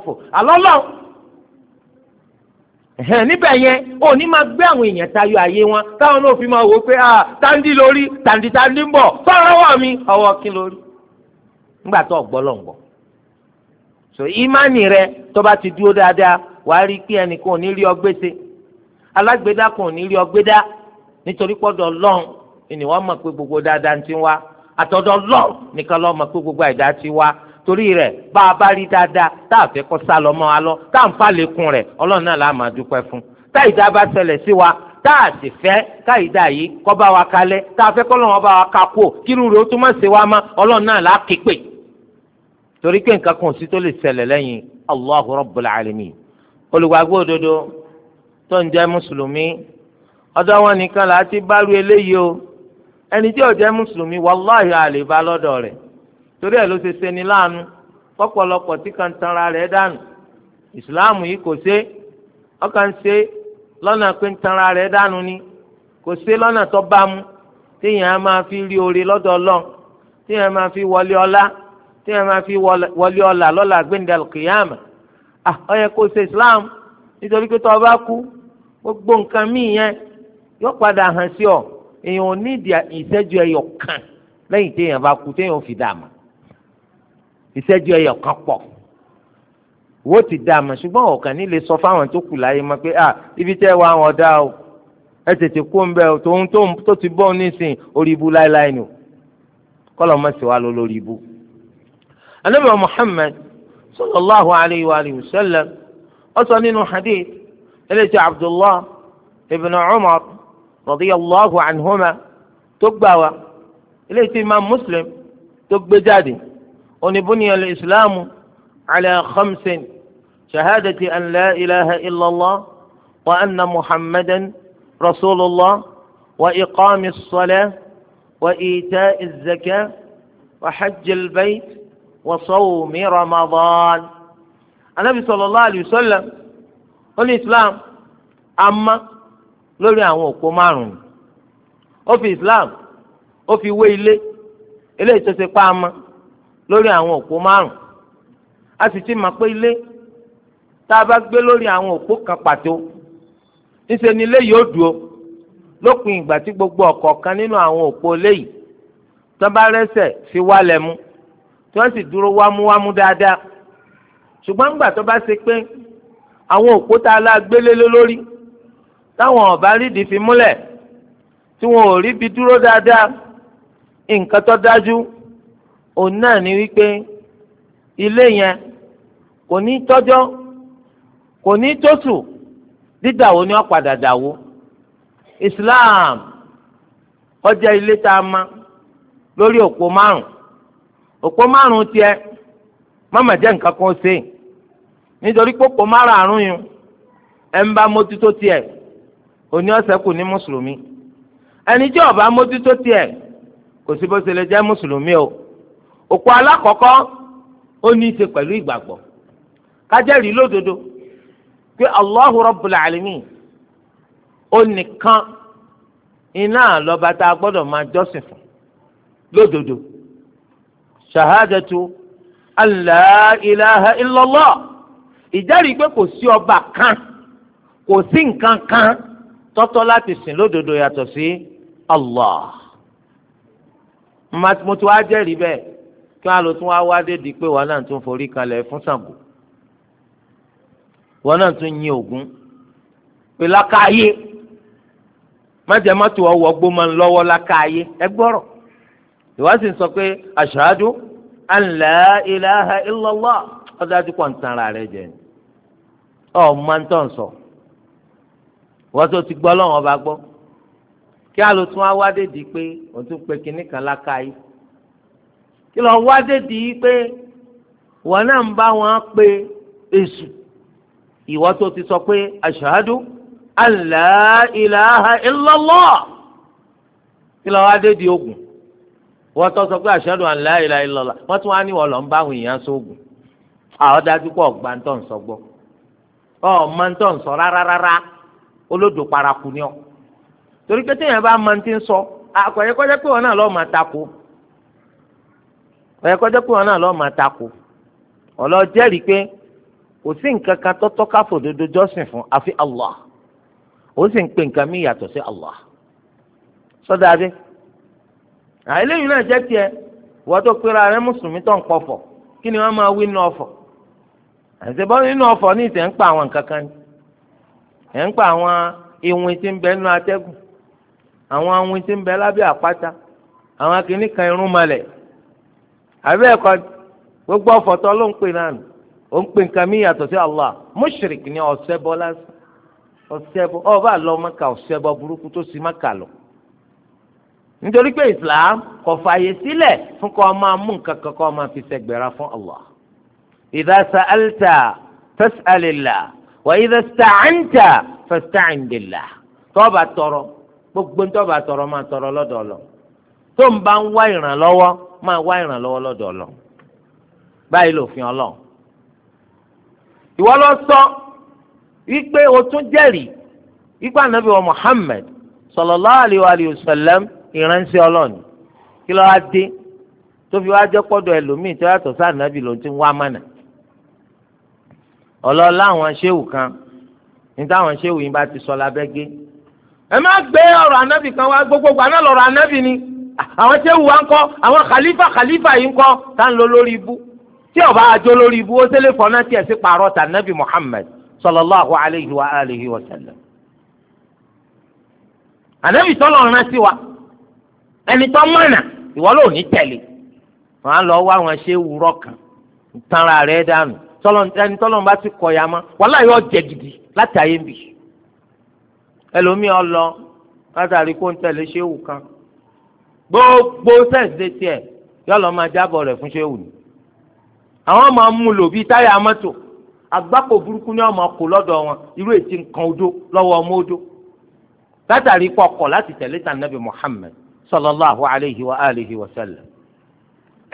A: ẹ̀hẹ́n níbẹ̀ yẹn ò ní máa gbé àwọn èèyàn tayọ àyè wọn táwọn náà fi máa wò ó pé ah tandi lórí tandi tandi ń bọ̀ fọ́nrán wà ọwọ́ kí lórí. nígbà tó ọ̀gbọ́ so ìmánì rẹ tó bá ti dúró dáadáa á rí pé ẹnìkan ò ní rí ọgbẹ́sẹ̀ alágbèdá kan ò ní rí dá nítorí pọ́dọ̀ lọ́n ni wọ́n mọ̀ pé gbogbo dáadáa ti wá àtọ̀dọ̀ lọ́n nìkan lọ́n mọ̀ pé gbogbo àìdá ti wá torí rẹ̀ bá a bá rí dáadáa tá a fẹ́ kọ́ sá lọ mọ́ wa tá à rẹ̀ ọlọ́run náà la máa dúpẹ́ fún tá ìdá bá ṣẹlẹ̀ sí wa tá a sì fẹ́ ká ìdá yìí kọ bá wa kalẹ̀ tá a fẹ́ bá wa ka kú kírú rẹ̀ ó tún ṣe wa mọ́ ọlọ́run náà torí pé nǹkan kan sí tó lè Allahu Rabbul Alamin olùgbàgbọ́ òdodo tó ń jẹ́ mùsùlùmí ọ̀dọ̀ wọn nìkan là ti bá lu eléyìí o ẹni tí ò mùsùlùmí torí ẹ̀ ló ṣe ṣeni láàánú kọ́pọ̀lọpọ̀ tí kan tanra rẹ̀ dànù ìsìláàmù yìí kò ṣe ọkàn ṣe lọ́nà pé ń tanra rẹ̀ dànù ni kò ṣe lọ́nà tó bá mu téèyàn á máa fi rí oore lọ́dọ̀ ọlọ́run téèyàn máa fi wọlé ọlá téèyàn máa fi wọlé ọlà lọ́la gbẹ̀ndẹ̀lù kìyàmà à ó yẹ ṣe islam nítorí pé tó o bá kú gbogbo nǹkan míì yẹn yóò padà hàn sí ọ èèyàn ò ní ìṣẹ́jú ẹyọ kan lẹ́yìn téèyàn bá kú téèyàn ò fi dààmú ìṣẹ́jú ẹyọ kan pọ̀ wo ti dá a mọ̀ ṣùgbọ́n ọ̀kan nílé sọ fáwọn tó kù láyé mọ́ pé ah ibi tẹ́ wa àwọn ọ̀dà o ẹ tètè kó ń bẹ o tòun tó ti bọ́ nísìn orí ibu láéláé ni o kọ́lọ̀ mọ̀ sí wa lọ lórí ibu. anabi muhammad sallallahu alayhi wa alihi wa sallam ó sọ nínú hadith eléyìí abdullah ibn umar radiyallahu anhuma tó gbà wá eléyìí imam muslim tó gbé jáde. أن بني الإسلام على خمس شهادة أن لا إله إلا الله وأن محمدا رسول الله وإقام الصلاة وإيتاء الزكاة وحج البيت وصوم رمضان النبي صلى الله عليه وسلم الإسلام أما lórí àwọn òpó márùn-ún ó fi Islam ó fi wé ilé eléyìí tó ṣe lórí àwọn òpó márùn a sì ti mọ̀ pé ilé tá a bá gbé lórí àwọn òpó kan pàtó ńṣe ni ilé yóò dúró lópin ìgbà tí gbogbo ọ̀kọ̀ọ̀kan nínú àwọn òpó ilé yìí tó bá rẹ́sẹ̀ fi wálẹ̀ mú tí wọ́n sì dúró wámúwámú dáadáa ṣùgbọ́n ńgbà tó bá ṣe pé àwọn òpó tá a lá gbélé lórí táwọn ọ̀bá rídìí fi múlẹ̀ tí wọn ò rí bi dúró dáadáa nǹkan tó dájú òun náà ni wípé ilé yẹn kò ní tọ́jọ́ kò ní tóṣù dídàwó ni wọ́n padà dàwó Islam ọjà ilé tá a ma lórí òpó márùn òpó márùn tiẹ̀ mọ́mọ́ jẹ́ nǹkan kan ṣe nítorí pópó márùn-ún yìí ẹ̀ ń bá mójútó tiẹ̀ òní ọ̀sẹ̀ kù ní mùsùlùmí ẹni tí ó bá mójútó tiẹ̀ kò sí bó ṣe lè jẹ mùsùlùmí o òkú alákọ̀ọ́kọ́ ó ní í ṣe pẹ̀lú ìgbàgbọ́ kájẹ́rì lódodo pé Allahu Rabbul Alamin ó nìkan iná lọ́ba tá a gbọ́dọ̀ máa jọ́sìn fún lódodo ṣàhádẹ́tu alla pé kò sí ọba kan kò sí nǹkan kan tọ́tọ́ láti sìn Allah mo ti wá kí wọn lò tún wá wádé dédìí pé wọn náà tún forí kalẹ̀ fún Ṣàngó wọn náà tún yin Ògún pé lákàáyé májèmátò ọwọ gbọmọ lọ́wọ́ lákàáyé ẹ gbọ́rọ̀ ìwádìí sọ pé ashhadu an la ilaha illallah ń tan ara rẹ sọ tó ti gbọ́ lọ́wọ́ bá gbọ́ kí di pé òun tún pe kinní kan kí lọ wá dédi pé wọn náà ń bá wọn pe èṣù ìwọ tó ti sọ pé ashahadu an la ilaha illallah kí lọ wá dédi ogun wọ́n tọ́ sọ pé ashahadu an la ilaha illallah wọ́n tún wá ní wọ́n lọ ń bá àwọn èèyàn sóògùn àwọn dájú pọ̀ gbà ń tọ̀ ń sọ gbọ́ ọ̀ máa ń tọ̀ ń sọ rárá olódò paraku ni ọ torí pé téèyàn bá máa ń ti ń sọ àkọyẹ pé wọn náà lọ́ọ́ máa takò ẹ kọjá pé ma náà lọ́ọ́ máa takò pé kò sí nǹkan kan tọ́tọ́ jọ́sìn fún Allah ó sì ń pè nǹkan mí yàtọ̀ sí Allah sọ́dọ̀ adé náà jẹ́ tiẹ̀ wọ́n tó pera rẹ mùsùlùmí tó ń pọ̀fọ̀ kí ni wọ́n máa wí nínú nínú ní ni ẹ̀ àwọn ìwìn àbí ẹ̀kọ́ gbogbo ọfọtọ ló ń pè náà nù ó ń pè nǹkan míì yàtọ̀ sí Allah mushrik ni ọ̀sẹ́bọ lásán ọ̀sẹ́bọ ọba lọ maka ọ̀sẹ́bọ burúkú tó sì maka lọ. nítorí pé Islam kò fààyè sílẹ̀ fún kọ́ máa mú nǹkan kan kọ́ máa fi sẹ́gbẹ̀rà fún Allah. tọrọ gbogbo tọ́ba tọrọ máa tọrọ lọ́dọ̀ máa wá ìrànlọ́wọ́ lọ́dọ̀ Ọlọ́run báyìí lòfin Ọlọ́run ìwọ lọ sọ wípé o tún jẹ́rìí wípé ànábì wa Muhammad sallallahu alaihi wa alihi wasallam ìránṣẹ́ Ọlọ́run kí ló wá dé tó fi wá jẹ́ pọ́dọ̀ ẹlòmíì tó yàtọ̀ sí ànábì ló ti ń wá mọ̀nà ọlọ́ọ̀lá àwọn ṣéwù kan ní táwọn ṣéwù yìí bá ti sọ lábẹ́gẹ́ ẹ má gbé ọ̀rọ̀ ànábì kan wá gbogbo àná lọ̀rọ̀ ànábì ni àwọn sẹ́wù wa ń kọ́ àwọn khalifa khalifa yìí ń kọ́ tá ń lọ lórí ibú tí ọba àjọ lórí ibú ó sẹ́lẹ̀ fọ́nà tiẹ̀ sí pààrọ̀ tà nàbì Muhammad sallallahu alayhi wa alihi wa sallam. ànábì sọlọ rán sí wa ẹni tó mọ̀nà ìwọ ló ní tẹ̀lé wọn á lọ wá àwọn sẹ́wù rọ̀ kan tanra rẹ̀ dànù tọ́lọ́ ẹni tọ́lọ́ bá ti kọ̀ ya mọ́ wàhálà yóò jẹ gidi láti ayé bì ẹlòmíì ọlọ látàrí kó ń tẹ̀lé ṣéwù kan gbogbo sẹ́ǹsì tiẹ̀ yọ̀lọ́ máa jábọ̀ rẹ̀ fún ṣéwù ni àwọn máa ń mú lò bíi táyà mọ́tò àgbákò burúkú ni wọ́n máa kó lọ́dọ̀ wọn irú ètí nǹkan odó lọ́wọ́ ọmọ odó látàrí pọkọ̀ láti tẹ̀lé ta nabi Muhammad sallallahu alayhi wa alihi wa sallam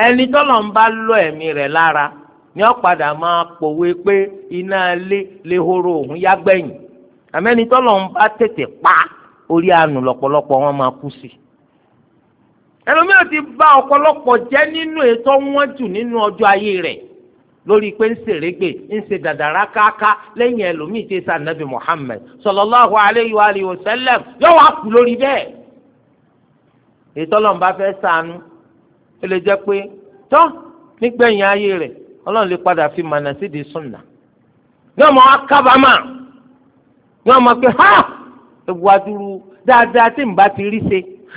A: ẹni tọ́lọ̀ ń bá lọ ẹ̀mí rẹ̀ lára ni wọ́n padà máa pòwe pé iná lé lehoro òun yá gbẹ̀yìn àmẹ́ni tọ́lọ̀ ń bá tètè pa orí àánú lọ́pọ̀lọpọ̀ wọn máa kú sí i ẹlòmíràn ti ba ọ̀pọ̀lọpọ̀ jẹ́ nínú ètò wọn jù nínú ọjọ́ ayé rẹ̀ lórí pé ń ṣèrégbè ń ṣe dàdàrà káká lẹ́yìn ẹlòmíì tí sa nabi Muhammad sallallahu alayhi wa alihi wa lori yóò wá kú lórí bẹ́ẹ̀ ètò Ọlọ́run bá fẹ́ ṣàánú ó lè jẹ́ pé tọ́ nígbẹ̀yìn ayé rẹ̀ Ọlọ́run lè padà fi mànà sídìí súnà yóò mọ akábàámà yóò mọ pé ha ewu adúrú dáadáa tí n bá ti rí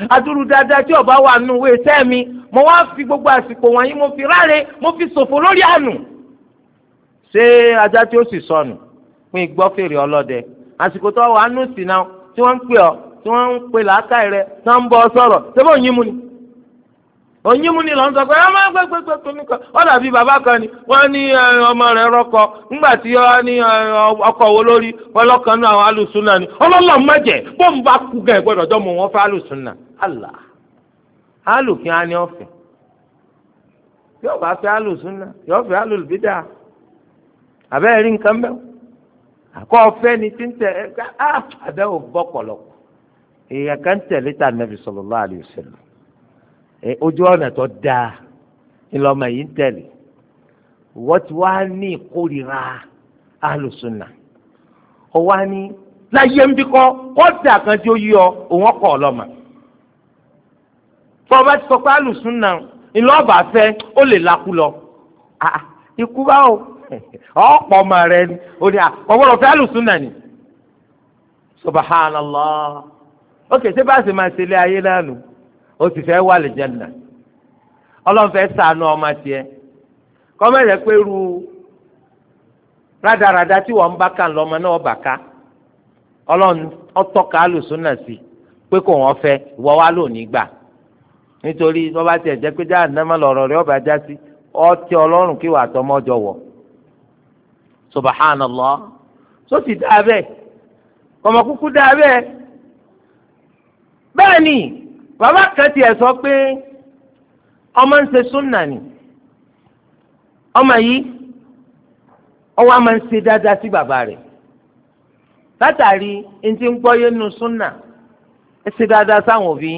A: adúrú dáadáa tí ọba wà nù wé sẹ́mi mo wá fi gbogbo àsìkò wọ̀nyí mo fi ráre mo fi ṣòfò lórí àánú. ṣé ajá tí ó sì sọnù fún ìgbọ́ fèrè ọlọ́dẹ àsìkò tó wà nù sí náà tí wọ́n ń pè ọ́ tí wọ́n ń pè làákàyè rẹ tí ń bọ́ ọ sọ̀rọ̀ ṣé bó yín mu ni. onye mú ni lọ sọ pé ẹ máa gbẹgbẹgbẹ tó ní kan ó dàbí bàbá kan ni wọn ní ọmọ rẹ rọkọ ńgbà tí wọn ní e, ọkọ wo lórí ọlọkan náà àwọn alùsùnà ni ọlọlọ mẹjẹ bọ́ọ̀n bá kú gan ìgbọ́dọ̀ jọ mọ wọn àlà ní ọ̀fẹ́ yóò bá náà yóò fẹ́ rí nǹkan mẹ́wọ́ àkọ́ ni ti ah, ẹ ojú ọ̀nà tó dáa ńlọmọ yìí ń tẹ̀lé wọ́n ti wá ní ìkórira alùsùnà ó wá ní láyé ń bí kọ́ kọ́dà kan tí ó yí ọ òun ọkọ̀ ọlọ́mọ tó o bá ti sọ pé alùsùnà ńlọ́ọ̀bà fẹ́ ó lè lakú lọ ah, ah, ikú báwo ọ̀pọ̀ ọmọ rẹ ni ó ní àkọ́wọ́rọ̀ ah, fẹ́ alùsùnà ni subhanallah ó kè é ṣé bá a sì máa ṣe ilé ayé náà nù. o ti fẹ́ wà lè jẹ́nà ọlọ́run fẹ́ sànú ọmọ tiẹ̀ kọ́mẹ́rẹ́ pé ru rádaràda tí wọ́n ń bá kàn lọ́mọ náà bà ká ọlọ́run ọtọ́ka alùsùnà sí pé kò wọ́n fẹ́ ìwọ́ wa lò gbà nítorí wọ́n bá tiẹ̀ jẹ́ pé lọ́rọ̀ rẹ ọba já sí ọtí ọlọ́run kí wàá tọmọ́jọ wọ̀ subhanallah bẹ́ẹ̀ bẹ́ẹ̀ bẹ́ẹ̀ ni. bàbá kan tiẹ̀ sọ pé ọmọ ń ṣe súnà ni ọmọ yìí ọwọ́ a máa ń ṣe dáadáa sí bàbá rẹ̀ látàrí ntí ń gbọ́ yẹnu súnà ẹ ṣe dáadáa sáwọn òbí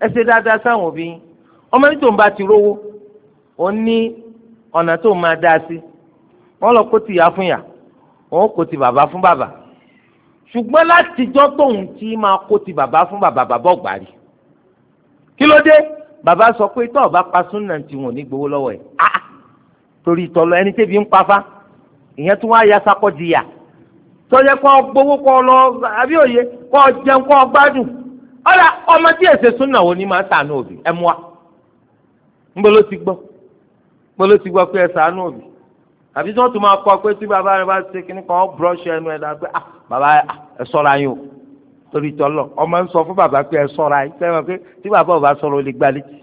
A: ẹ ṣe dáadáa sáwọn òbí ọmọ ní tòun bá ti rówó òun ní ọ̀nà tóun máa dá sí wọ́n lọ kó tìyá fún yà wọ́n kó ti bàbá fún bàbá ṣùgbọ́n látijọ́ tóun ti máa kó ti bàbá fún bàbá bàbá ọ̀gbà kí ló dé bàbá sọ pé tó bá pa súnà tí wọn ò ní gbowó lọ́wọ́ ẹ̀ ah torí tọlọ ẹni tẹ́bi ń pafá ìyẹn tún wá ya sakọ jìyà tọ́jà kọ́ gbowó kọ́ lọ àbí òye kọ́ jẹun kọ́ gbádùn ọ̀là ọmọ tí èsè súnà wo ni máa sànú òbí ẹ̀ mú wa ńbọ ló ti gbọ́ ńbọ ló ti gbọ́ pé ẹ sànú òbí àbí tí wọ́n tún máa kọ́ pé tí bàbá rẹ bá ṣe kíní kan ọ́ búrọ́ọ̀ṣì ẹnu ẹ̀ dàgbé ah bàbá ah! ẹ sọ́ra yín o torí tọ́lọ̀ ọmọ ń sọ fún bàbá pé ẹ sọ́ra ẹ sẹ́wọ̀n pé tí bàbá ò bá sọ̀rọ̀ ó lè gba létí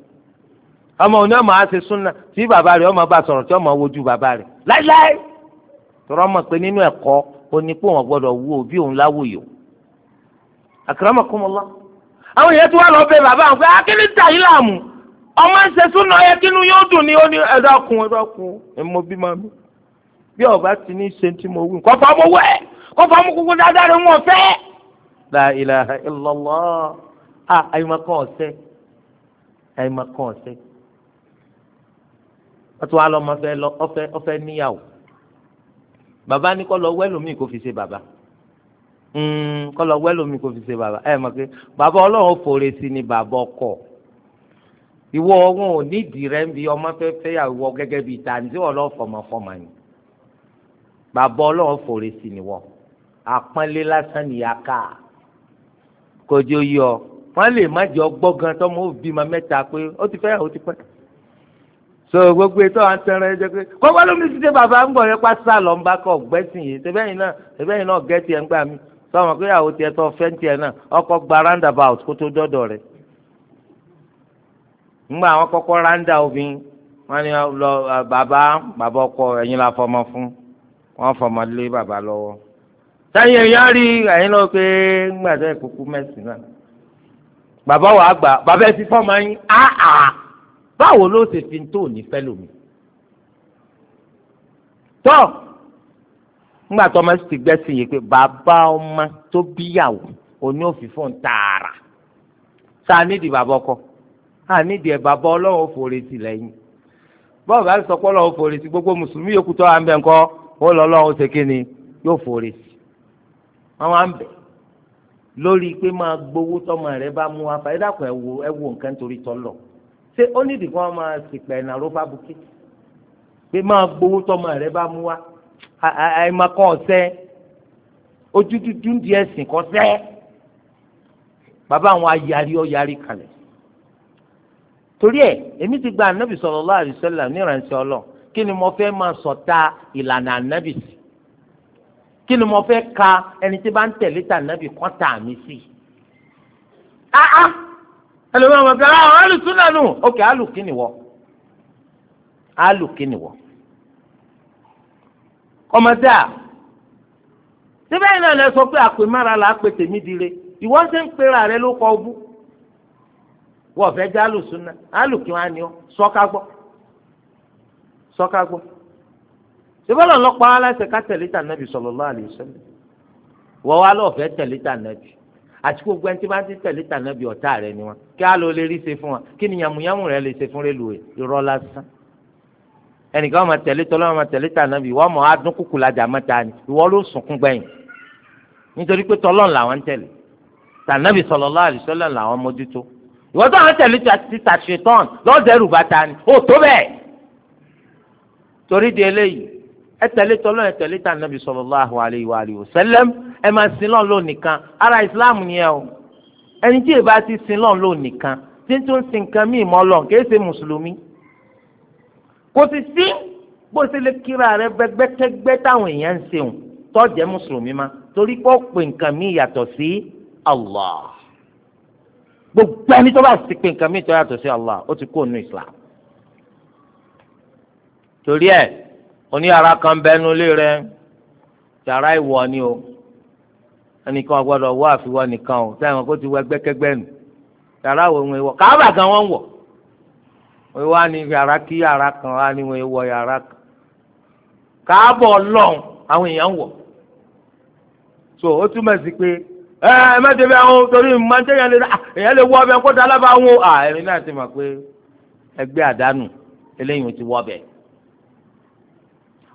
A: ọmọ òní ọmọ á ṣe súnà tí bàbá rẹ̀ ọmọ bá sọ̀rọ̀ tí ọmọ wojú bàbá rẹ̀ láíláí tọ́rọ mọ̀ pé nínú ẹ̀kọ́ onípò wọn gbọ́dọ̀ wú òbí òun láwòyò àkàràmọ̀kọ́mọlá àwọn èèyàn tí wọ́n lọ bẹ bàbá àwọn pé akíní ah, ta yìí láàmú ọmọ ń ṣe súnà yẹ kínú yóò dùn ní oní ẹ̀dọ́kun ẹ̀dọ́kun ẹ̀mọ́ bí máa mi bí ọba ti ní ṣe tí mo wí kọ́fà mo wẹ̀ kọ́fà mo kúkú dáadáa rẹ̀ wọ́n fẹ́ẹ́ la ilaha illallah a àyùmọ̀kan ọ̀sẹ̀ àyùmọ̀kan ọ̀sẹ̀ wọ́n wá lọ ọmọ fẹ́ lọ ọfẹ́ ọfẹ́ níyàwó bàbá ní kọ́ lọ wẹ́lòmíì kò fi ṣe bàbá hmm, kọ́ lọ wẹ́lòmíì kò fi ṣe bàbá ẹ̀ mọ̀ pé bàbá ọlọ́run fòrè sí ni bàbá ọkọ ìwọ ọ̀hún ò nídìí rẹ̀ ń bi ọmọ fẹ́ fẹ́ yàwó gẹ́gẹ́ bíi tàǹtí ọlọ́ fọmọfọmọ ni bàbá ọlọ́run fòrè ni wọ́n àpọ́nlé lásán ni yàká kòjó yọ wọ́n lè má jọ gbọ́gàn tọ́mọ òbí ma mẹ́ta pé ó ti fẹ́ ó ti pẹ́ so gbogbo ètò àwọn tẹ̀rẹ̀ ẹ jẹ́ pé kọ́kọ́ ló ní ti dé bàbá ń bọ̀ yẹpa sá lọ ń bá kọ́ gbẹ́sìn yìí tẹ́bẹ́yìn náà tẹ́bẹ́yìn náà gẹ́tì ẹ̀ ń gbà mí sọ́wọ́n pé àwọn tiẹ̀ tó fẹ́ tiẹ̀ náà ọkọ̀ gba roundabout kó tó dọ́dọ̀ rẹ̀ ńgbà àwọn kọ́kọ́ rounda obìnrin wọ́n ní lọ bàbá bàbá ọkọ
B: táyé ẹ̀yán rí àyín
A: lọ pé gbàdá ìkókó mẹ́sìn náà bàbá wa gbà bàbá ẹ ti fọ́ máa ń áà báwo ló ṣe fi tó ní fẹ́ lómi. tọ́ ńgbà tó ọmọ sì ti gbẹ́sìn yìí pé bàbá ọmọ tó bíyàwó oní òfìfọ́ ń tààrà tá a nídìí bàbá ọkọ a nídìí ẹ bàbá ọlọ́run fòrè sí lẹ́yìn bọ́ọ̀ bá sọ pé ọlọ́run fòrè sí gbogbo mùsùlùmí yòókù tó wà ń bẹ̀ ńkọ́ ó lọ́ ọlọ́run ṣe kí ni yóò fòrè sí wọn wá ń bẹ̀ lórí pé máa gbowó tọmọ rẹ bá mú wa fa ẹ dákun ẹ wo ẹ wo nǹkan torí tọlọ ṣé ó ní ìdìkan máa sìpẹ̀ ìnàró fábùkì pé máa gbowó tọmọ rẹ bá mú wa àìmọ kan ọ̀sẹ́ ojú dúdú di ẹ̀sìn sẹ́ bàbá àwọn ayarí ọ yarí kalẹ̀ torí ẹ èmi ti gba anabi sallallahu alaihi wasallam níranṣẹ́ ọlọ́ kí ni mo fẹ́ máa sọ̀ta ìlànà anabi sí kí ni mo fẹ́ ka ẹni tí bá ń tẹ̀lé tà nàbì mi sí. ah, ah. ẹlòmíràn ah, ọmọ bíi ah alùsùn náà nù òkè alùkí nìwọ alùkí nìwọ. ọmọdé à síbẹ̀ yìí náà lẹ sọ pé àpèmára là á pè tèmi dire ìwọ ṣe ń pera rẹ ló ìbálò ọlọ́pàá aláṣẹ ká tẹ̀lé tà nàbì sallallahu alaihi wasallam wọ́n wá lọ́ọ̀fẹ́ tẹ̀lé tà nàbì àti gbogbo ẹni tí wọ́n ti tẹ̀lé tà nàbì ọ̀tá rẹ̀ ni wọ́n kí á lọ lè rí ṣe fún wa kí ni yàmùyàmù rẹ̀ lè ṣe fún rélùwẹ̀ irọ́ lásán ẹnìkan ọmọ tẹ̀lé tọ́lọ́ ọmọ tẹ̀lé tà nàbì wọ́n mọ̀ á kúkú lajà mọ́ta ni ìwọ ló sunkún gbẹ̀yìn nítorí pé tọ́lọ́ làwọn ń tẹ̀lé tà nàbì sallallahu alaihi torí di eléyìí ẹ tẹ̀lé tọ́lọ́ ẹ tẹ̀lé tà nàbì sallallahu alayhi wa alihi wa sallam ẹ máa sin lọ́n lóun nìkan ara ìsìláàmù ni ẹ o ẹni tí èèbá ti sin lọ́n lóun nìkan tí tó ń sin nǹkan míì mọ́ lọ́n mùsùlùmí kò sì sí bó ṣe lè kíra rẹ gbẹgbẹkẹgbẹ táwọn èèyàn ń ṣeun tó mùsùlùmí ma torí pé ó pè nǹkan míì yàtọ̀ sí Allah gbogbo ẹni tó bá sì pè nǹkan míì yàtọ̀ sí Allah ó ti kó nu Islam torí ẹ̀ oní yàrá kan bẹnu lé rẹ yàrá ìwọ ni o ẹnìkan gbọ́dọ̀ wọ àfiwọ nìkan o sẹwọn kó ti wọ ẹgbẹ́kẹ́gbẹ́ nù yàrá wo ń wọ káàbà gan wọn wọ wọn ni ní yàrá kí yàrá kan wá ní wọn yàrá kan káàbọ̀ ọlọ́run àwọn èèyàn wọ̀ so ó túmọ̀ sí pé ẹ ẹ mẹ́tẹ̀ bí àwọn torí mọ̀tẹ́ yẹn lè ah, èèyàn lè wọ ọbẹ̀ kó dálábà wọn à ah, ẹ̀rín náà ti mọ̀ pé ẹgbẹ́ àdánù eléyìí ti wọ ọbẹ̀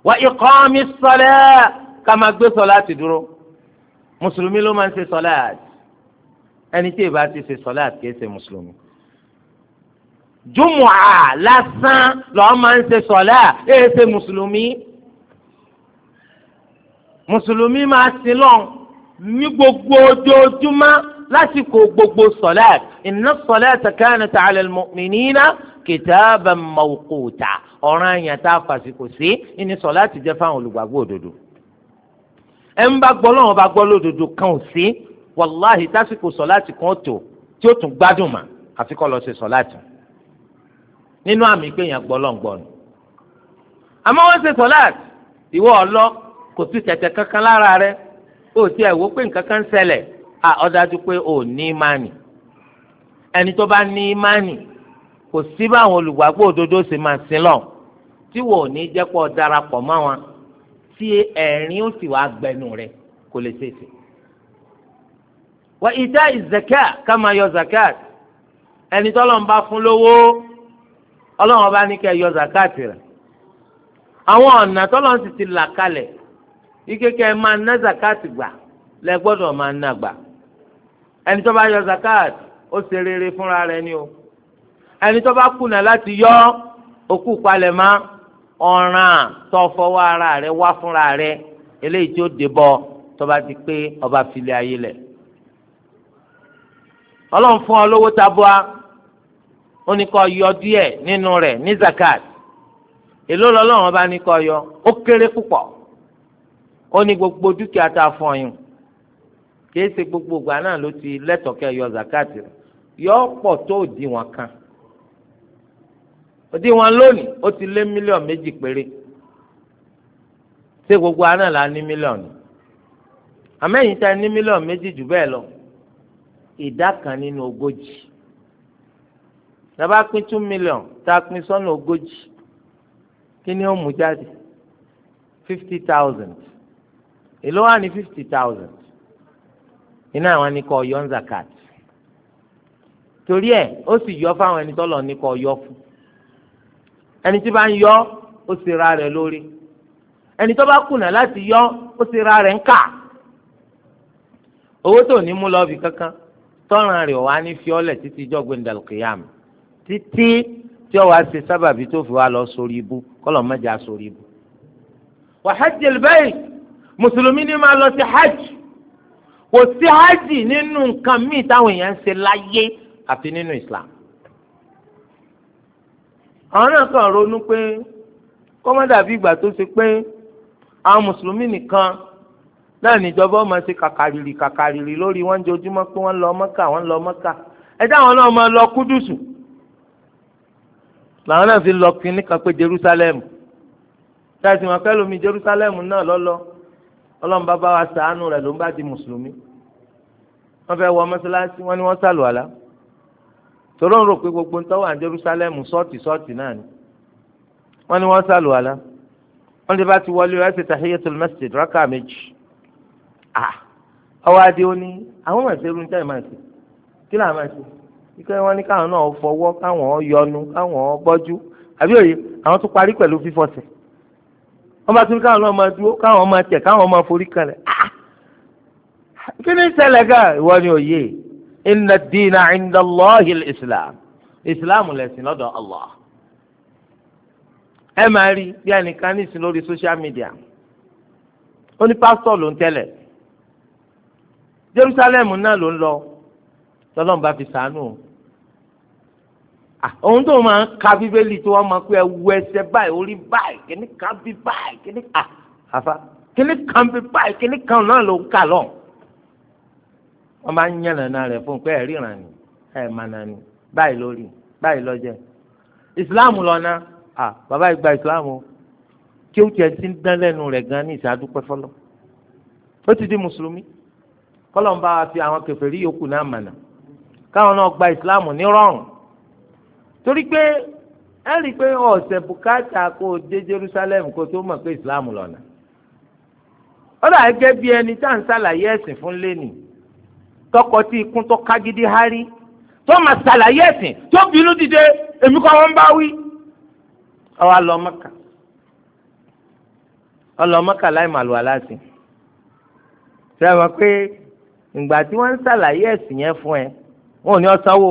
A: wa iqami sọlẹ́ ká máa gbé sọláàtì dúró mùsùlùmí ló máa ń ṣe sọláàtì ẹni tí ìbá ti ṣe sọláàtì kìí ṣe mùsùlùmí jùmùà lásán lọ́ọ́ máa ń ṣe sọláàtì èé ṣe mùsùlùmí mùsùlùmí máa sin lọ́n ní gbogbo ojoojúmọ́ lásìkò gbogbo sọláàtì inna sọláàtì kanat ala al-mu'minina kitaban mawquta ọ̀ràn àyàn tá a fàṣìkò sí ìní sọ̀láàtì jẹ́ fáwọn olùgbàgbọ́ òdodo ẹ ń bá gbọ́ lọ́wọ́ bá gbọ́ lódodo kan ò sí wàláhì tásìkò sọ̀láàtì kan tó tí ó tún gbádùn mà àfi kọ́ lọ ṣe sọ̀láàtì nínú àmì pé èèyàn gbọ́ lọ́ngbọ́ ni àmọ́ wọ́n ṣe sọ̀láàtì ìwọ ọlọ kò sí tẹ̀tẹ̀ kankan lára rẹ ó ti ẹ̀ wò pé nǹkan kan ṣẹlẹ̀ à ó dájú pé ò ní ìmánì ẹni tó bá ní ìmánì kò sí báwọn olùgbàgbọ́ òdodo ṣe máa sin lọ tí wò ní jẹ́pọ̀ darapọ̀ mọ́ wọn tí ẹ̀rín ó sì wá gbẹnu rẹ kò lè ṣèṣe. wà ìta ìzẹ̀kẹ́ ká máa yọ zakat ẹni tọ́lọ̀ ń bá fún lówó ọlọ́run bá ní kẹ́ yọ zakat rẹ̀ àwọn ọ̀nà tọ́lọ̀ sì ti là kalẹ̀ ike máa ná zakat gbà lẹ gbọ́dọ̀ máa ná gbà ẹni tó bá yọ zakat ó ṣe rere fúnra rẹ̀ ni o ẹni tó bá kùnà láti yọ okú palẹ̀ mọ́ ọ̀ràn tó fọwọ́ ara rẹ̀ wá fúnra rẹ̀ eléyìí tí ó débọ̀ tó bá ti pé ọba filẹ̀ ayé lẹ̀ ọlọ́run fún ọ lówó tabua ó ní kó yọ díẹ̀ nínú rẹ̀ ní zakat èló lọ́lọ́run ọba ní kó yọ ó kéré púpọ̀ ó ní gbogbo dúkìá tá a fún ọyún kìí ṣe gbogbo ìgbà náà ló ti lẹ́tọ̀ọ́ kẹ́ yọ zakat rẹ̀ yọ pọ̀ tó òdiwọ̀n kan òdi wọn lónìí ó ti lé mílíọ̀nù méjì péré ṣé gbogbo aná la ní mílíọ̀nù àmẹ́yìn tá ní mílíọ̀nù méjì jù bẹ́ẹ̀ lọ ìdá kan nínú ogójì tàbá pín two million tá a pín sọ́nà ogójì kí ni ó mú jáde fifty thousand èló wà ní fifty thousand iná àwọn ni kò yọ ń zakat torí ẹ̀ ó sì yọ fáwọn ẹni tọ́lọ̀ ní kò yọ fún ẹni tí bá ń yọ ó sì ra rẹ̀ lórí ẹni tó bá kùnà láti yọ ó sì ra rẹ̀ ń kà owó tó ní mú lọ bì kankan tọ́ran rẹ̀ wá ní fiọ́lẹ̀ títí jọ́gbìn dàlùkìyàm títí tí ó wàá sábàbí tó fi wá lọ sórí ibú kọ́lọ̀ mẹ́jà sórí ibú. wa hajjil mùsùlùmí ni máa lọ sí hajj kò sí hajj nínú nǹkan míì táwọn èèyàn ń ṣe láyé àfi nínú islam àwọn náà kàn ronú pé kọ́mọ́dà bíi ìgbà tó ṣe pé àwọn mùsùlùmí nìkan náà níjọba máa ṣe kàkàrìrì kàkàrìrì lórí wọn jojúmọ́ pé wọ́n lọ mọ́kà wọ́n lọ mọ́kà ẹ dáwọn náà máa lọ kúdùsù làwọn náà fi lọ kínní kan pé Jerusalem táyà sì wọn kẹ́lò mi Jerusalem náà lọ́lọ́ ọlọ́run bá bá wa ṣàánú rẹ̀ ló ń bá di mùsùlùmí wọ́n fẹ́ wọ mọ́ṣáláṣí wọ́n ní wọ́n sàlùwàlá torí ń rò pé gbogbo ń tọ́wọ́ à Jerusalem sọ́ọ̀tì sọ́ọ̀tì náà ni wọ́n ní wọ́n sálù wàlá wọ́n ti bá ti wọlé ẹ̀ ṣe tahiyatul masjid rákà méjì ọwọ́ adé ó ní àwọn máa ṣe irun tẹ́ ẹ̀ máa ṣe kí làá máa ṣe ikẹ́ wọn ní káwọn náà fọwọ́ káwọn yọnu káwọn bọ́jú àbí òye àwọn tó parí pẹ̀lú fífọsẹ̀ wọ́n bá tún káwọn náà máa dúró káwọn máa tẹ̀ káwọn máa forí kalẹ̀ kí ni ṣẹlẹ̀ gà ìwọ ni òye inna الدين عند الله Allahi al ليس ìsìláàmù الله lọ́dọ̀ Allah ẹ máa rí bí ẹnìkan nísìn lórí social media ó ní pásítọ̀ ló ń tẹ́lẹ̀ Jerusalem náà ló ń lọ tọ́lọ́mù bá fi sànú ohun tó máa ń ka bíbélì tí wọ́n máa pé ẹwú ẹsẹ̀ báyìí orí báyìí kíní kan bí báyìí kíní kan bí báyìí kíní kan náà ló ń kà lọ́hùn wọ́n bá ń yànnàna rẹ̀ fún pé ẹ̀ríran ni ni báyìí lórí báyìí lọ́jẹ́ ìsìláàmù lọ́nà à bàbá ìgbà ìsìláàmù kí ó tiẹ̀ ti ń rẹ̀ gan ní ìsàdúpẹ́ fọlọ́ ó ti di mùsùlùmí kọ́lọ̀ wa fi àwọn kèfèrí yòókù náà káwọn náà gba ìsìláàmù ní rọrùn torí pé ẹ rí i pé Jerusalem tó mọ̀ pé ìsìláàmù lọ́nà ó dà bí ẹni tá à ń sàlàyé ẹ̀sìn tọkọ tí ikún tó kágídí hárí tó máa ṣàlàyé ẹ̀sìn tó bínú dìde èmi kọ́ wọn bá wí. ọwọ́ alọ́ mọ́kà ọlọ́ mọ́kà láì màlúù aláṣẹ. sẹ́wọ̀n pé ìgbà tí wọ́n ń ṣàlàyé ẹ̀sìn yẹn fún ẹ wọn ò ní ọ̀sánwó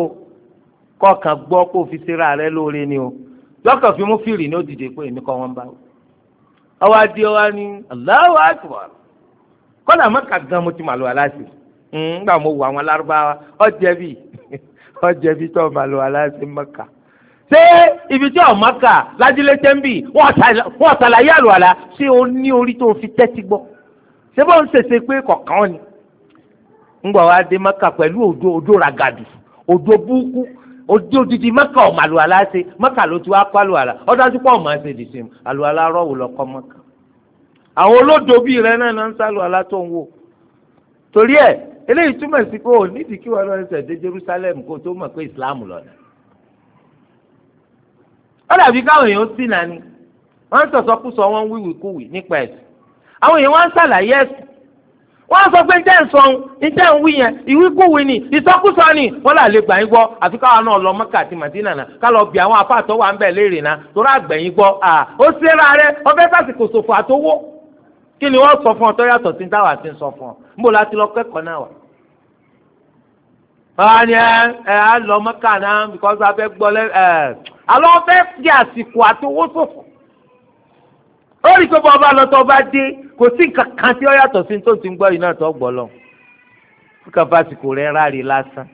A: kọ̀ọ̀kan gbọ́ kó fi síra rẹ lóore ni o lọ́kàn fi mú fìrì ní ó pé èmi kọ́ wọn bá wí. ọwọ́ adé wa ni Allahu Akbar kọ́lá mọ́kà gan mo ti màlúù aláṣẹ ńgbà hmm, mo wọ àwọn alárúbáwá ọ̀jẹ̀bi ọ̀jẹ̀bi tó ọmọ àlọ́ aláṣẹ mọ́kà ṣé ibi tí ọ̀mọ́kà lájílẹ̀ tẹ́ḿbì wọ́n ṣàlàyé àlọ́ àlá ṣé o ní orí tó fi tẹ́tí gbọ́ ṣé bọ́n ń ṣèṣe pé kọ̀ọ̀kan ni ńgbà wa dé mọ́kà pẹ̀lú òdo òdo ràgàdù òdo búkú ojú odidi mẹ́kà ọ̀mà àlùwàlá ṣe mẹ́kà ló ti wá kọ́ àlùwàlá ọ̀dájú pọ̀ ọ̀mà ṣe dìṣe àlùwàlá rọ̀wù lọ́kọ́ mẹ́kà. àwọn olódò bíi rẹ náà ń sálùwàlá tó ń wò torí ẹ̀ eléyìí túmọ̀ sí pé ò nídìí kí wọ́n lọ ẹsẹ̀ dé Jerusalem kó tó mọ̀ pé Islam lọ́nà ó dàbí káwọn èèyàn sì ni wọ́n ń wọn ń wíwìkúwì nípa ẹ̀sìn àwọn èèyàn wọ́n ń ṣàlàyé ẹ̀sìn wọ́n sọ pé njẹ́ nsọ̀n njẹ́ nwí yẹn ni ìsọkúsọ ni wọ́n gbọ́ àfi náà lọ Mọ́kà àti Màdínà kálọ̀ bí àwọn wọ́n ní ẹ ẹ lọ náà because abẹ́ gbọ́ lẹ́ ẹ alọ́ fẹ́ di àsìkò àti owó ṣòfò ó rí pé bọ́ọ̀ bá lọ tó bá dé kò sí nǹkan kan tí ó yàtọ̀ sí tó ti ń gbọ́ yìí náà tó gbọ́ lọ kíkà fásitì rẹ̀ ráre lásán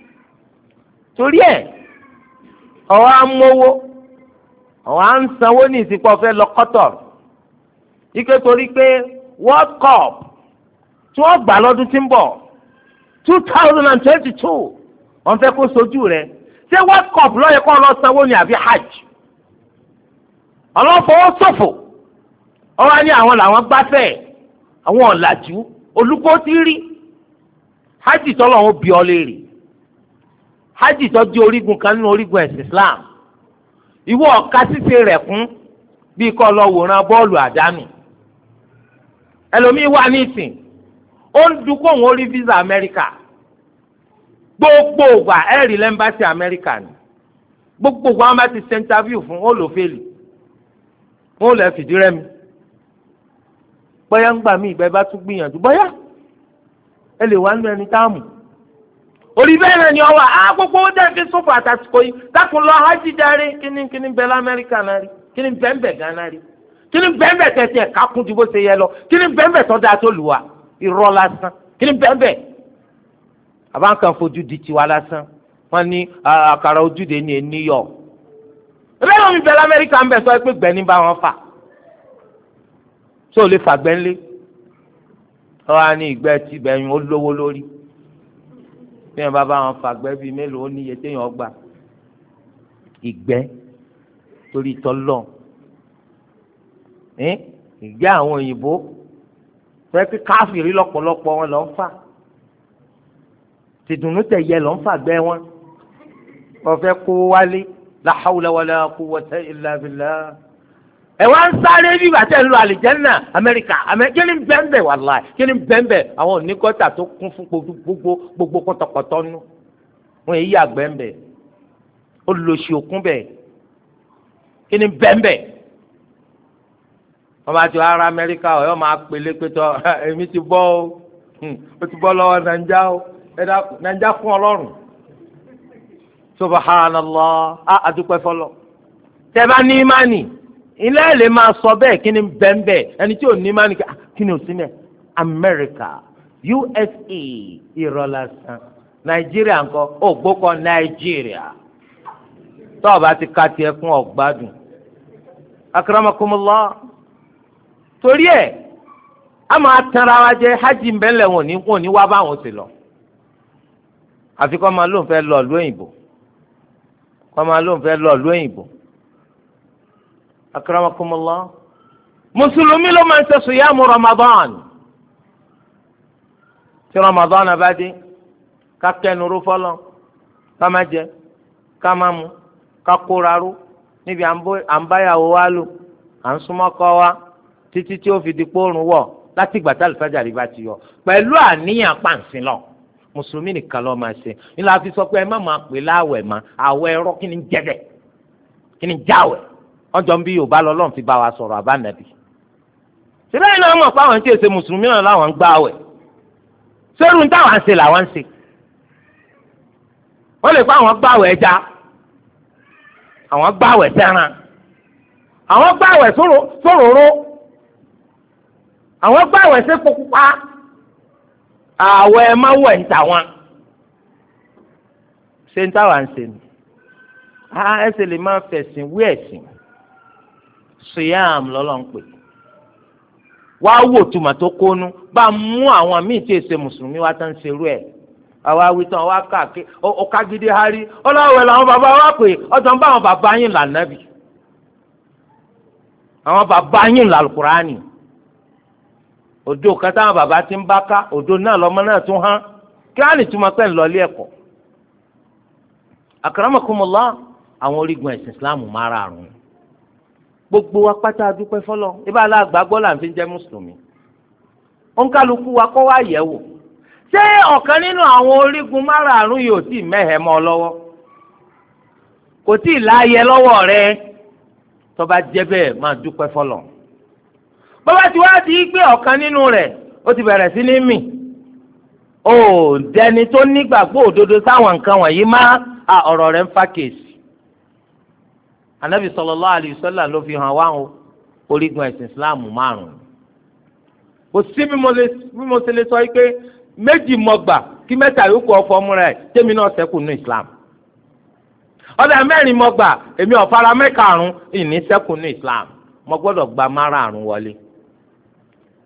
A: torí ẹ̀ ọ̀wọ́ á mówó ọ̀wọ́ á ń sanwó ní ìsìnkú ọ̀fẹ́ lọ ike torí pé world cup tí wọ́n gbà lọ́dún tí ń bọ̀ two thousand and twenty two wọ́n fẹ́ kó sojú rẹ̀ ṣé world cup lọ́yẹ kọ́ lọ sanwó ni àbí hajj ọlọ́fọwọ́ ṣòfò ọwọ́ ni àwọn làwọn gbáfẹ́ àwọn ọ̀làjú olùkọ́ ti rí hajj tọ́lọ̀ wọn bí ọ léèrè hajj tó di orígun kan nínú orígun ẹ̀sìn Islam ìwọ ọ̀ka ṣíṣe rẹ̀ kún bí kọ́ lọ wòran bọ́ọ̀lù àdánù ẹlòmíín wà ní ìsìn ó ń dúkọ́ òun ó rí visa America gbogbo ògbà ẹ̀rì lẹ́mbàsì amẹ́ríkà ni gbogbo ògbà wọn bá ti ṣe interview fún ó lò fèlì wọn ò lè fìdí rẹmi bóyá ń gbà mí ìgbà bá tún gbìyànjú bóyá ẹ lè wá nínú ẹni tá a mú
B: orí bẹ́ẹ̀ náà ni ọ wà
A: á ah, gbogbo ó dẹ̀ fi sófò àtàsìkò yìí dákun lọ hajj darí kíní kíní bẹ́ẹ̀ lamẹ́ríkà náà rí kíní bẹ́ẹ̀ bẹ́ẹ̀ gánà rí kíní bẹ́ẹ̀ bẹ́ẹ̀ tẹ̀sí ẹ̀ kákún ju bó ṣe yẹ lọ kíní bẹ́ẹ̀ bẹ́ẹ̀ tọ́ da tó lù wá irọ́ lásán kíní bẹ́ẹ̀ bẹ́ẹ̀ àbáǹkan fojú di tiwa lásán wọn ní ah, àkàrà ojúde ní New York ìbẹ́rẹ̀ omi bẹ̀rẹ̀ amẹ́ríkà ń bẹ̀ sọ pé gbẹ̀ni bá wọn fà tí ò lè fà gbẹ́ńlé wọn á ní ìgbẹ́ tí bẹ̀yìn ó lówó lórí bí wọn bá bá wọn fà gbẹ́ bíi mélòó ní iye téèyàn gbà ìgbẹ́ torí ìtọ́lọ́ ìgbẹ́ àwọn òyìnbó fẹ́ kí káfíìrí lọ́pọ̀lọpọ̀ wọn lọ́ fà tìdùnnú tẹ̀yẹ lọ́n fàgbẹ́ wọn ọ̀fẹ́ kó wálé la hawla wala quwwata illa billah ẹ wá ń sáré bí bàtẹ́ ń lọ àlìjẹ́nà amẹ́ríkà amẹ́ kí ni bẹ́ńbẹ́ wàláhì kí ni bẹ́ńbẹ́ àwọn onígọ́tà tó kún fún gbogbo gbogbo kọ́tọ̀kọ́tọ́ nù wọ́n èyí àgbẹ̀ ń bẹ̀ ó lọ sí òkun bẹ̀ kí ni bẹ́ńbẹ́ wọ́n bá ti wá ara amẹ́ríkà ọ̀yọ́ máa pèlé pé tọ́ èmi ti bọ́ hmm, ó ti bọ́ lọ́wọ́ nàìjíríà ó ẹ̀dá nàìjà fún ọlọ́run subhanallah a àdúpẹ́ fọlọ́ tẹ́bá ní ìmánì ilé ẹ̀ lè máa sọ bẹ́ẹ̀ kí ni bẹ́ẹ̀ ẹni tí ò ní ìmánì kí ah, ni ò sí USA Nàìjíríà Nàìjíríà tọ́ọ̀bù àti ọ̀gbádùn torí a máa wa jẹ hajj lọ. àfi kọ́ máa lóun fẹ́ lọ ìlú òyìnbó kọ́ máa lóun fẹ́ lọ ìlú òyìnbó akramakumullah mùsùlùmí ló máa ń ṣe sùyàmù Ramadan tí Ramadan bá dé ká kẹnu ró fọlọ ká má jẹ ká má mu ká kóra ró níbi à ń báyàwó wa lò à ń súnmọ́ kọ́ wa títí tí ó fi di pòórùn wọ̀ láti gbàtà àlùfáàjà rí bá ti yọ pẹ̀lú àníyàn pàǹsìn lọ mùsùlùmí nìkan lọ́ọ́ máa ṣe nílò àfi sọ pé ẹ má máa pè láwẹ̀ mọ́ àwẹ̀ ẹ̀rọ kí ni jẹ́bẹ̀ kí ni jáwẹ̀ ọjọ́ bí yorùbá lọ́lọ́run fi bá wa sọ̀rọ̀ àbánàbì síbẹ̀ yìí náà mọ̀ pé àwọn tí èsè mùsùlùmí náà láwọn ń gbá àwẹ̀ sẹ́rù táwọn ń ṣe làwọn ń ṣe wọ́n lè pa àwọn gbàwẹ̀ ẹja àwọn gbàwẹ̀ sẹ́ran àwọn gbàwẹ̀ sòròró àwọn gbàwẹ̀ sẹ́pọ̀ àwọ̀ ẹ má wẹ̀ ń tàwọn ṣe ń táwa ń ṣe ni ẹsẹ̀ lè máa fẹ̀sìn wí ẹ̀sìn ṣìyàm lọ́lọ́ ń pè wá wò tuma tó kónú bá mú àwọn míì tí èsè mùsùlùmí wá tán ṣerú ẹ̀ àwa wí tán wá káàké ọ̀kagídé harí ọlọ́wẹ̀ làwọn bàbá wa pè ọ̀tàn bá àwọn bàbá yín là nàbì àwọn bàbá yín là lùkùránì òdo kan táwọn bàbá ti ń bá ká òdo náà lọ́mọ náà tún hán kí á lè túmọ̀ pẹ́ ńlọ ilé ẹ̀kọ́ àkàràmọ̀kùnmọ̀lá àwọn orígun ẹ̀sìn Islam márààrún gbogbo wa pátá dúpẹ́ fọlọ́ ibà aláàgbàgbọ́ là ń fi jẹ́ mùsùlùmí òǹkàlùkù wa kọ́ wá yẹ̀ ṣé ọ̀kan nínú àwọn orígun márààrún yìí ò tí ì mẹ́hẹ̀ mọ́ lọ́wọ́ kò tí ì láàyè lọ́wọ́ rẹ tó bá máa dúpẹ́ fọlọ́ bàbá tí wàá di pé ọ̀kan nínú rẹ̀ ó ti bẹ̀rẹ̀ sí ní mì ó dẹni tó nígbàgbọ́ òdodo sáwọn nǹkan wọ̀nyí má a ọ̀rọ̀ rẹ̀ ń fa kèsì anabi sallallahu alayhi wa sallam ló fi hàn wá orígun ẹ̀sìn islam márùn-ún kò sí bí mo ṣe lè sọ yìí pé méjì mọ̀gbà kí mẹ́ta yòókù ọ̀fọ̀ múra ẹ̀ tẹ́mi náà ṣẹ́kù ní islam ọ̀dà mẹ́rin mọ̀gbà èmi ọ̀fara mẹ́karùn-ún ìní mo gbọ́dọ̀ gba márààrún wọlé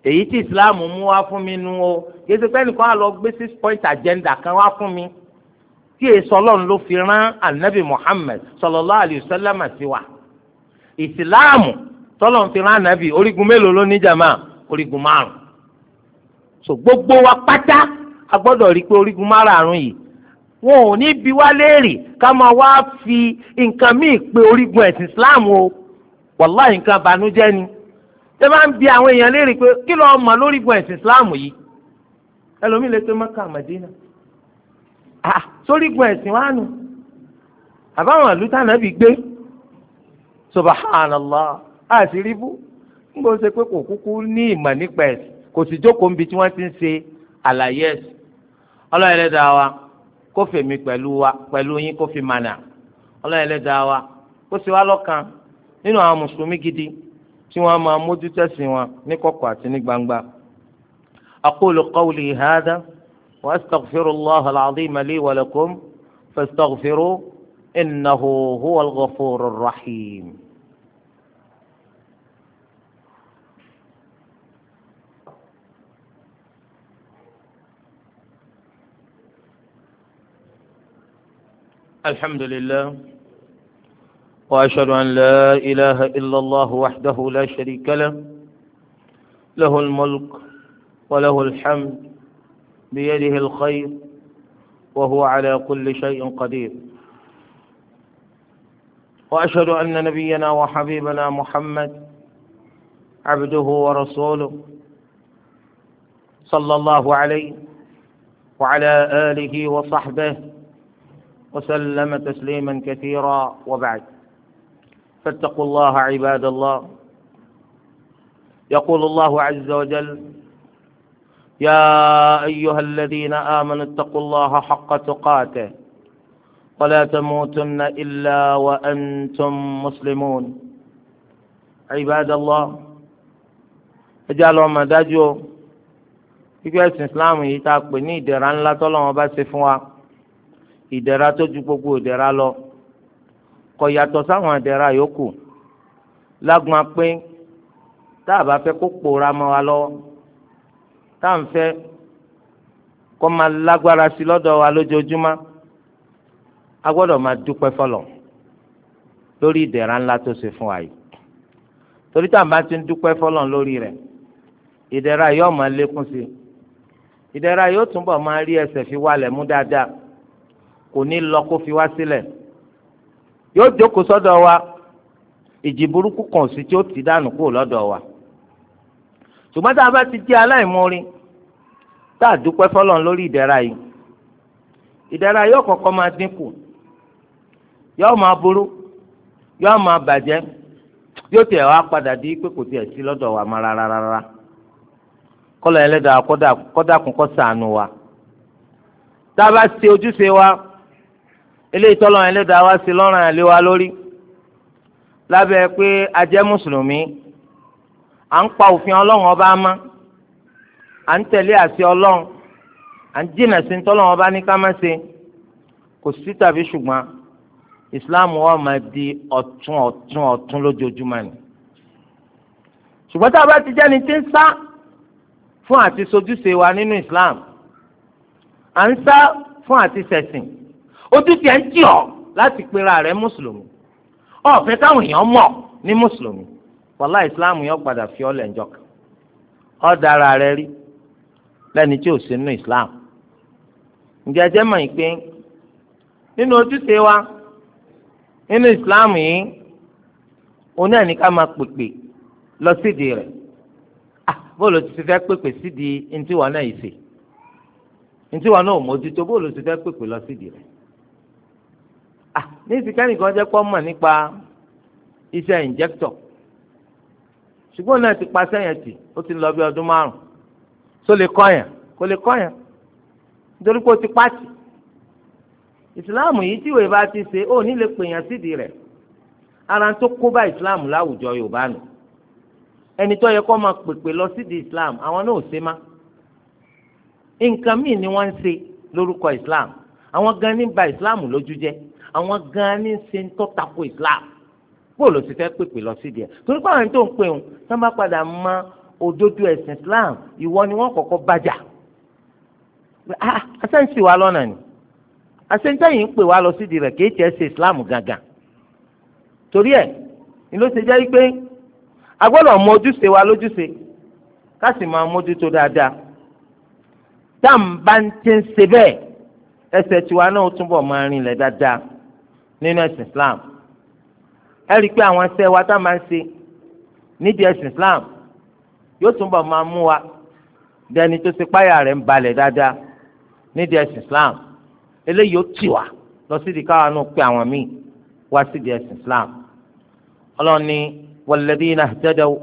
A: èyí tí islam mú wá fún mi nu o yéésù pé nìkan á lọ gbé six point agenda kan wá fún mi tí èso ọlọ́run ló fi rán anabi muhammed sallallahu alayhi sallam sí wa islam tọ́lọ́run fi rán anabi orígun mélòó ló ní jàmá orígun márùn so gbogbo wa pátá a gbọ́dọ̀ rí i pé orígun márùn yìí wọn ò ní bi wá léèrè ká máa wá fi nǹkan míì pé orígun ẹ̀sìn islam o wàláhì nǹkan àbànújẹ́ ni tẹ́ bá ń bi àwọn èèyàn léèrè pé kí lọ́ọ́ mọ̀ lórí igun islam maka àmàdínà ah sórí igun ẹ̀sìn wa nù àbáwọn ìlú tànàbí gbé ń ṣe pé kò kúkú ní ìmọ̀ nípa ẹ̀sìn kò sì jókòó níbi tí wọ́n ti ń ṣe àlàyé ẹ̀sìn wa kó fèmí pẹ̀lú wa pẹ̀lú gidi tí wọ́n máa mójútó ẹ̀sìn wọn ní kọ̀kọ̀ àti ní gbangba. أقول قولي هذا وأستغفر الله العظيم لي ولكم فاستغفروه إنه هو الغفور الرحيم الحمد لله وأشهد أن لا إله إلا الله وحده لا شريك له له الملك وله الحمد بيده الخير وهو على كل شيء قدير وأشهد أن نبينا وحبيبنا محمد عبده ورسوله صلى الله عليه وعلى آله وصحبه وسلم تسليما كثيرا وبعد فاتقوا الله عباد الله يقول الله عز وجل يا أيها الذين آمنوا اتقوا الله حق تقاته ولا تموتن إلا وأنتم مسلمون عباد الله اجعلوا مداجو ibi ẹ̀sìn islam yìí tá pè ní ìdẹ̀ra ńlá tọ́lọ́wọ́n bá ṣe fún wa ìdẹ̀ra tó ju gbogbo ìdẹ̀ra lọ. kò yàtọ̀ sáwọn àdẹ̀rà yòókù lágbọn pé tá a bá fẹ́ kó pòórá mọ́ wa lọ́wọ́ tá à ń fẹ́ kó máa lágbára sí lọ́dọ̀ wa lójoojúmọ́ a gbọ́dọ̀ máa dúpẹ́ fọlọ́ lórí ìdẹ̀ra ńlá tó ṣe fún wa yìí torí tá à ń bá ti ń dúpẹ́ fọlọ́ lórí rẹ̀ ìdẹ̀ra yóò máa lékún sí i yóò túnbọ̀ máa rí ẹsẹ̀ fi wálẹ̀ mú dáadáa kò ní lọ kó fi wá sílẹ̀. Si yóò jókòó sọ́dọ̀ wa ìjì burúkú kan sí tí ó ti dànù kúrò wa ṣùgbọ́n tá bá ti jẹ́ ala tá a dúpẹ́ fọlọ́n lórí ìdẹ̀ra yìí ìdẹ̀ra yóò kọ́kọ́ máa dínkù yóò máa burú yóò máa bàjẹ́ yóò tẹ̀ wá padà pé kò tiẹ̀ sí lọ́dọ̀ wa kọ́lọ̀ ẹlẹ́dàá kọ́dà kún kọ́ eléyìí tọ́lọ́ yẹn lẹ́dàá wá sí lọ́rùn yẹn lé wa lórí lábẹ́ pé a jẹ́ mùsùlùmí à ń pa òfin ọlọ́run ọba mọ́ à ń tẹ̀lé àṣẹ ọlọ́run à ń jìnà sí tọ́lọ́run ọba ní ká má ṣe kò sí tàbí ṣùgbọ́n islam wa máa di ọ̀tún ọ̀tún ọ̀tún lójoojúmọ́ ni ṣùgbọ́n tá a bá ti jẹ́ni tí ń sá fún àti sojúṣe wa nínú islam à ń sá fún àti ṣẹ̀sìn. ojú tiẹ̀ ń tì ọ́ láti pera rẹ̀ mùsùlùmí ọ̀fẹ́ káwọn èèyàn mọ̀ ní mùsùlùmí wàlá ìsìláàmù yẹn padà fi ọ́ lẹ́njọ́ kan ọ́ dára rẹ rí lẹ́ni tí ò sí nínú ìsìláàmù ǹjẹ́ jẹ́ mọ̀ yín pé nínú ojúṣe wa nínú ìsìláàmù yìí òun náà ní ká máa pèpè lọ sídìí rẹ̀ ah, bóòlù ti fẹ́ pèpè sídìí ntí wọn náà yìí ṣe ntí wọn náà ò mójútó bóòlù ti fẹ́ pèpè lọ sídìí rẹ̀ Ah, ní ìsìnkánì kan jẹ́ pọ́ mọ̀ nípa iṣẹ́ injector ṣùgbọ́n náà ti pa sẹ́yìn tì ó ti lọ bí ọdún márùn-ún tó lè kọ́yàn kó lè kọ́yàn nítorí pé ó ti pàtì ìsìláàmù yìí tí ìwé bá ti ṣe ó ní lè pèèyàn sídìí rẹ̀ ara tó kó bá ìsìláàmù láwùjọ Yorùbá nù ẹni tó yẹ kó máa pèpè lọ sídìí ìsìláàmù àwọn náà ò ṣe má nǹkan míì ni wọ́n ń ṣe lórúkọ ìsìláàmù àwọn gan ní ba ìsìláàmù lójú jẹ́ àwọn gan ni ṣe ń tọ́tako islam bóòlù sì fẹ́ pèpè lọ sí díẹ̀ torí pé àwọn tó ń pè ń tán bá padà mọ òdodo ẹ̀sìn islam ìwọ ni wọ́n kọ́kọ́ bàjá asẹ́ǹsì ah, wa lọ́nà ni asẹ́ǹtẹ̀yìn ń pè wá lọ sídìí rẹ̀ kéèké ẹ̀sìn islam gangan torí ẹ̀ ni ló ṣe jẹ́ pé a gbọ́dọ̀ mọ ojúṣe wa lójúṣe ká sì máa mójútó dáadáa tá à ń bá ń ti ń ṣe bẹ́ẹ̀ ẹsẹ̀ tiwa náà túbọ̀ máa rinlẹ̀ dáadáa. nínú ẹ̀sìn islam ẹ rí i pé àwọn ẹsẹ̀ wa tá a máa ń ṣe nídìí ẹ̀sìn islam yóò túnbọ̀ máa mú wa dẹni tó ṣe páyà rẹ̀ ń balẹ̀ dáadáa nídìí ẹ̀sìn islam eléyìí ó tì wá lọ sídìí káwa náà pé àwọn míì wá sídìí ẹ̀sìn islam ọlọ́ni walladhina ihtadaw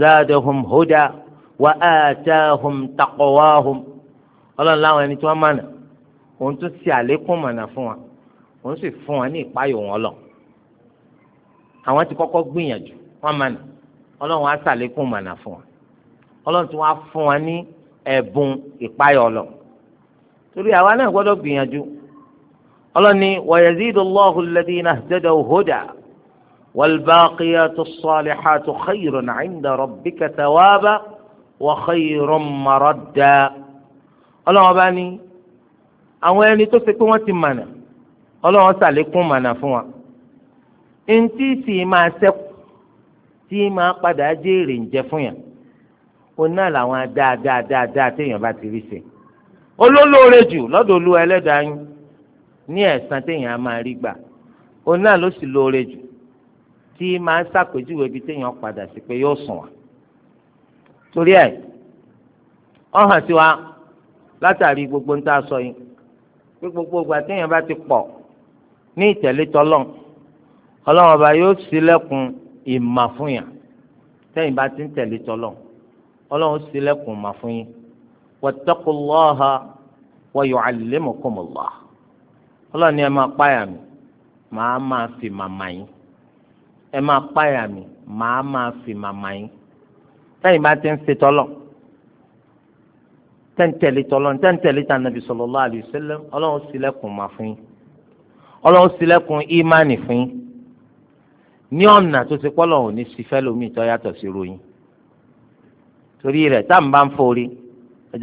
A: zadahum huda wa atahum taqwahum ọlọ́ni láwọn ẹni tí wọ́n mọ̀nà òun tún ṣe àlékún mọ̀nà fún wa. òun sì fún wọn ní ìpáyò wọn lọ àwọn ti kọ́kọ́ gbìyànjú wọn máa nà ọlọ́run á ṣàlékún mànà fún wọn ọlọ́run tí wọ́n á fún wọn ní ẹ̀bùn ìpáyò lọ torí àwa náà gbọ́dọ̀ gbìyànjú ọlọ́ni wàyẹ̀zídọ́lọ́hùn lẹ́dínà dẹ́dẹ́ òhódà wàlbáàkìyà tó sọ́ọ̀lì ha tó xeyìrò náà ìndà rọ̀bì kẹta wáábà wà xeyìrò mọ̀rọ̀dà ọlọ́wọ́n bá ní àwọn ẹni tó ṣe pé wọ́n ti mànà ọlọ́run ṣàlékún mànà fún wa ntí sì máa sẹ́kù tí máa padà jèrè ń jẹ fún yàn òun náà làwọn adáadáadáa téèyàn bá ti rí ṣe olólóore jù lọ́dọ̀ olúwa ẹlẹ́dàá yín ní ẹ̀san téèyàn á máa rí gbà òun náà ló sì lóore jù tí máa ṣàpèjúwe ibi téèyàn padà sí pé yóò sùn wà torí ẹ̀ ọ hàn sí wa látàrí gbogbo ń tá a sọ yìí pé gbogbo ìgbà téèyàn bá ti pọ̀ ní ìtẹ̀lé tọ́lọ́n ọlọ́run ọba yóò ṣílẹ̀kùn ìmà fún yàn tẹ́yìn bá ti ń tẹ̀lé tọ́lọ́n ọlọ́run ṣílẹ̀kùn ìmà fún yín wattaqullaha wa yu'allimukumullah ọlọ́run ni ẹ máa páyà mi màá máa fi màmá yín ẹ máa páyà mi màá máa fi màmá yín tẹ́yìn bá ti ń ṣe tọ́lọ́n tẹ́ǹtẹ̀lé tọ́lọ́n tẹ́ǹtẹ̀lé tànàbì sallallahu alaihi ọlọ́run ṣílẹ̀kùn ìmà fún yín. ọlọ́run ṣílẹ̀kùn ìmánì fún ní ọ̀nà tó ti pọ́lọ̀ òní sí fẹ́lómi tó yàtọ̀ sí ròyìn torí rẹ̀ tá à ń bá ń forí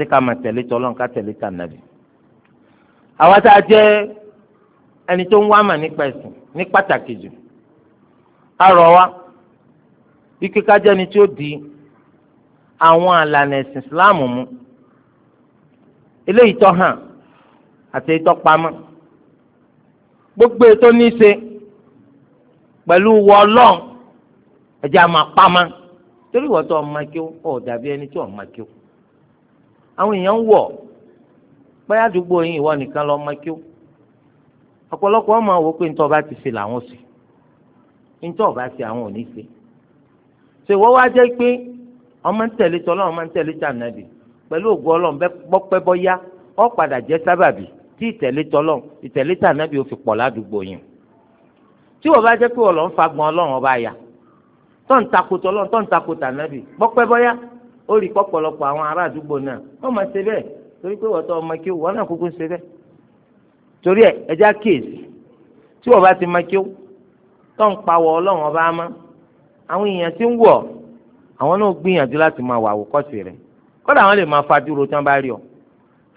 A: ẹ ká máa tẹ̀lé tọ́lọ́n ká jẹ́ ẹni tó ń wá mà nípa ẹ̀sìn ní pàtàkì jù á rọ̀ wá ẹni tí ó di àwọn àlànà ẹ̀sìn Islam mu. eléyìí tó hàn àti èyí gbogbo ètò ní í ṣe pẹ̀lú wọlọ́n ẹ̀jẹ̀ àmà pamá torí wọ́n tó ọmọ kí ó dàbí ẹni tí ọmọ kí ó àwọn èèyàn ń wọ̀ báyà àdúgbò yín ìwọ nìkan lọ ọmọ kí ó ọ̀pọ̀lọpọ̀ ọmọ àwọn òpin tó ọba ti ṣe làwọn sì ń tó ọba ṣe àwọn ò ní ṣe ṣe wọ́n wá jẹ́ pé ọmọ ń tẹ̀lé tọ́lọ́ ọmọ ń tẹ̀lé tànàbì pẹ̀lú ògùn ọlọ́run bọ́pẹ́ tí ìtẹ̀lé tọ́lọ̀ ìtẹ̀lé tà nábì ó fi pọ̀ ládùúgbò yìí tí wọ́n bá jẹ́ pé ọlọ́run fagbọn ọlọ́run ọba yà tó ń takòtò ọlọ́run tó ń takòtò ànábì bọ́pẹ́ bọ́yá ó rí pọ́pọ̀lọpọ̀ àwọn ará àdúgbò náà wọ́n máa ṣe bẹ́ẹ̀ torí pé wọ́n tó ọmọ kí wọ́n náà kúkú ṣe bẹ́ẹ̀ torí ẹ̀ ẹja kéèsì tí wọ́n bá ti máa kí tó ń pawọ́ ọlọ́run ọba ama àwọn èèyàn ti ń wọ̀ àwọn náà gbìyànjú láti máa wà àwòkọ́sì rẹ̀ kọ́dà àwọn lè máa fa dúró tí wọ́n bá rí ọ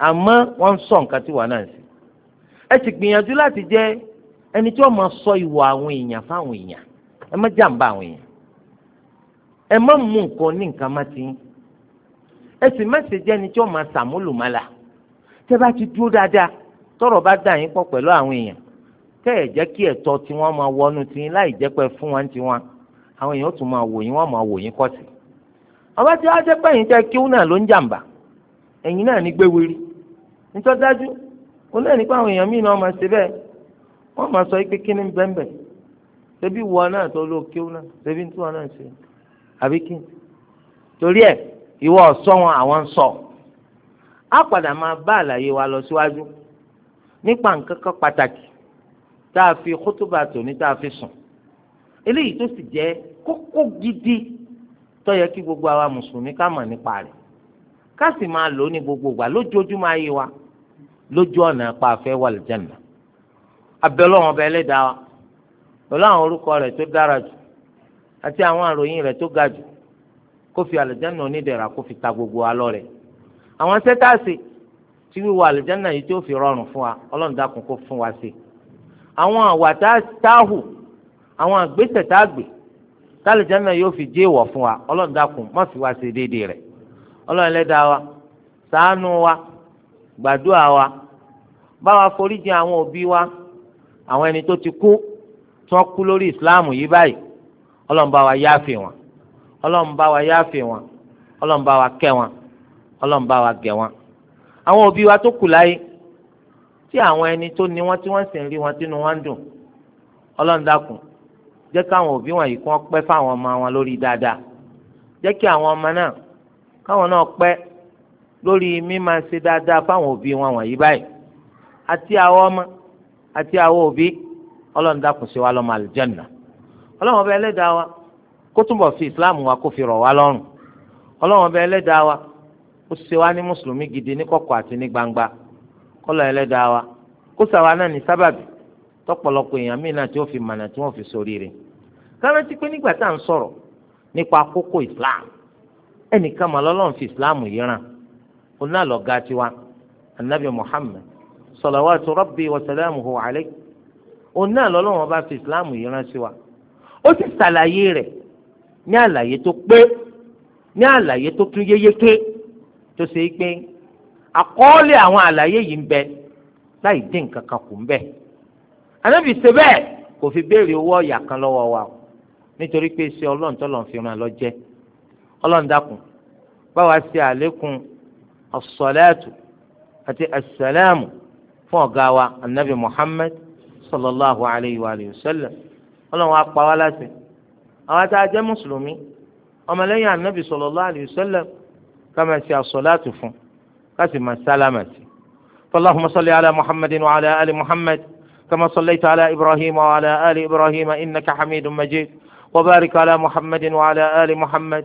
A: àmọ́ wọ́n ń sọ nǹkan tí wà náà sí ẹ sì gbìyànjú láti jẹ́ ẹni tí wọ́n máa sọ ìwà àwọn èèyàn fáwọn èèyàn ẹ má jàǹbá àwọn èèyàn ẹ má mú nǹkan ní nǹkan má ti ń ẹ sì má ṣe jẹ́ ẹni tí wọ́n máa sàmúlò má la tẹ́ bá ti dúró dáadáa tọ́rọ̀ bá dà yín pọ̀ pẹ̀lú àwọn èèyàn tẹ́ ẹ̀ jẹ́ kí ẹ̀tọ́ tí wọ́n máa wọnú ti yín láì jẹ́ pé fún wọn ti wọn àwọn èèyàn ó tún máa wò yín wọ́n máa wò yín kọ́sì ọba tí wọ́n á jẹ́ pé ẹ̀yin kí ó náà ló ń jàǹbá ẹ̀yin náà ní gbéwèrí nítorí dájú ó náà nípa àwọn èèyàn míì náà máa ṣe bẹ́ẹ̀ wọ́n máa sọ pé kí ni bẹ́ẹ̀nbẹ́ ṣebí wọ náà tó ló kéwú náà ṣebí tí wọn náà ṣe àbí kí torí ẹ ìwọ sọ wọn àwọn sọ á padà máa bá àlàyé wa lọ síwájú nípa nǹkan kan pàtàkì tá a fi kótóbà tòní tá a fi sùn eléyìí tó sì jẹ́ kókó gidi tó yẹ kí gbogbo àwa mùsùlùmí ká mọ̀ nípa rẹ̀ ká sì máa lò ó ní gbogbo ìgbà lójoojúmọ́ ayé wa lójú ọ̀nà apá afẹ́ wà lìjẹ́nà abẹ́lọ́wọ́n ọba ẹlẹ́dàá wa pẹ̀lú àwọn orúkọ rẹ̀ tó dára jù àti àwọn àròyìn rẹ̀ tó ga jù kó fi àlìjẹ́nà onídẹ̀ra kó fi ta gbogbo alọ́ rẹ̀ àwọn sẹ́tàsì tí wíwọ àlìjẹ́nà yìí tí fi rọrùn fún wa ọlọ́run dákun kó fún wa sí i àwọn àwà táàhù àwọn àgbésẹ̀ táàgbè tálìjẹ́nà yóò fi jẹ́ ìwọ̀ fún wa ọlọ́run dákun má fi wa ṣe déédéé rẹ̀ ọlọ́run ẹlẹ́dàá wa ṣàánú wa gbàdúrà wa bá wa foríjì àwọn òbí wa àwọn ẹni tó ti kú tó kú lórí ìsìláàmù yìí báyìí ọlọ́run bá wa yáàfì wọn ọlọ́run bá wa yáàfì wọn ọlọ́run bá wa kẹ́ wọn ọlọ́run bá wa gẹ̀ wọn. àwọn òbí wa tó kù láyé tí àwọn ẹni tó ní wọn tí wọ́n sì ń rí wọn tínú wọn ń dùn ọlọ́run jẹ́ káwọn òbí wọn yìí kí wọ́n pẹ́ fáwọn ọmọ wọn lórí dáadáa jẹ́ kí àwọn ọmọ náà káwọn náà pẹ́ lórí mímá ṣe dáadáa fáwọn òbí wọn wọ̀nyí báyìí àti àwọn ọmọ àti àwọn òbí ọlọ́run dákun ṣe wá lọ́mọ àlùjànnà ọlọ́run ọba ẹlẹ́dàá wa kó túnbọ̀ fi ìsìláàmù wa kó fi rọ̀ wá lọ́rùn ọlọ́run ọba ẹlẹ́dàá wa ó ṣe wá ní mùsùlùmí gidi ní kọ̀kọ̀ àti ní gbangba kọ́lọ̀ ẹlẹ́dàá wa kó sàwa náà ní sábàbí tọ́pọ̀lọpọ̀ èèyàn míì náà tí wọ́n fi mànà tí wọ́n fi ṣoríire kárántí pé nígbà tá à ń sọ̀rọ̀ nípa kókó ìsìláàmù ẹnìkan mà lọ́lọ́run fi ìsìláàmù yìí ràn òun náà lọ́ọ́ tiwa anabi muhammed salawa rabbi wa salamuhu alayhi òun náà lọ́lọ́wọ́n bá fi islam yìí ránṣẹ́ wa ó ti ṣàlàyé alaye to àlàyé tó pé ní àlàyé to àwọn àlàyé yìí ń láì dín kù ń anabi ṣe bẹ́ẹ̀ kò fi béèrè owó kan wa o nítorí pé as-salatu àti as-salamu fún ọ̀gá wa anabi muhammed sallallahu alayhi wa sallam ọlọ́run á pa wá láti àwọn tá a jẹ́ mùsùlùmí ọmọlẹ́yìn anabi sallallahu alayhi wa sallam ká máa ṣe as fún ká sì máa sálámà sí. فاللهم صل على محمد وعلى آل محمد كما صليت على إبراهيم وعلى آل إبراهيم إنك حميد مجيد وبارك على محمد وعلى آل محمد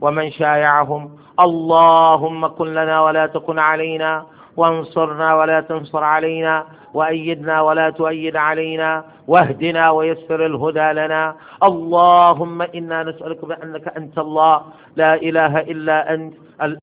A: ومن شايعهم اللهم كن لنا ولا تكن علينا وانصرنا ولا تنصر علينا وأيدنا ولا تؤيد علينا واهدنا ويسر الهدى لنا اللهم إنا نسألك بأنك أنت الله لا إله إلا أنت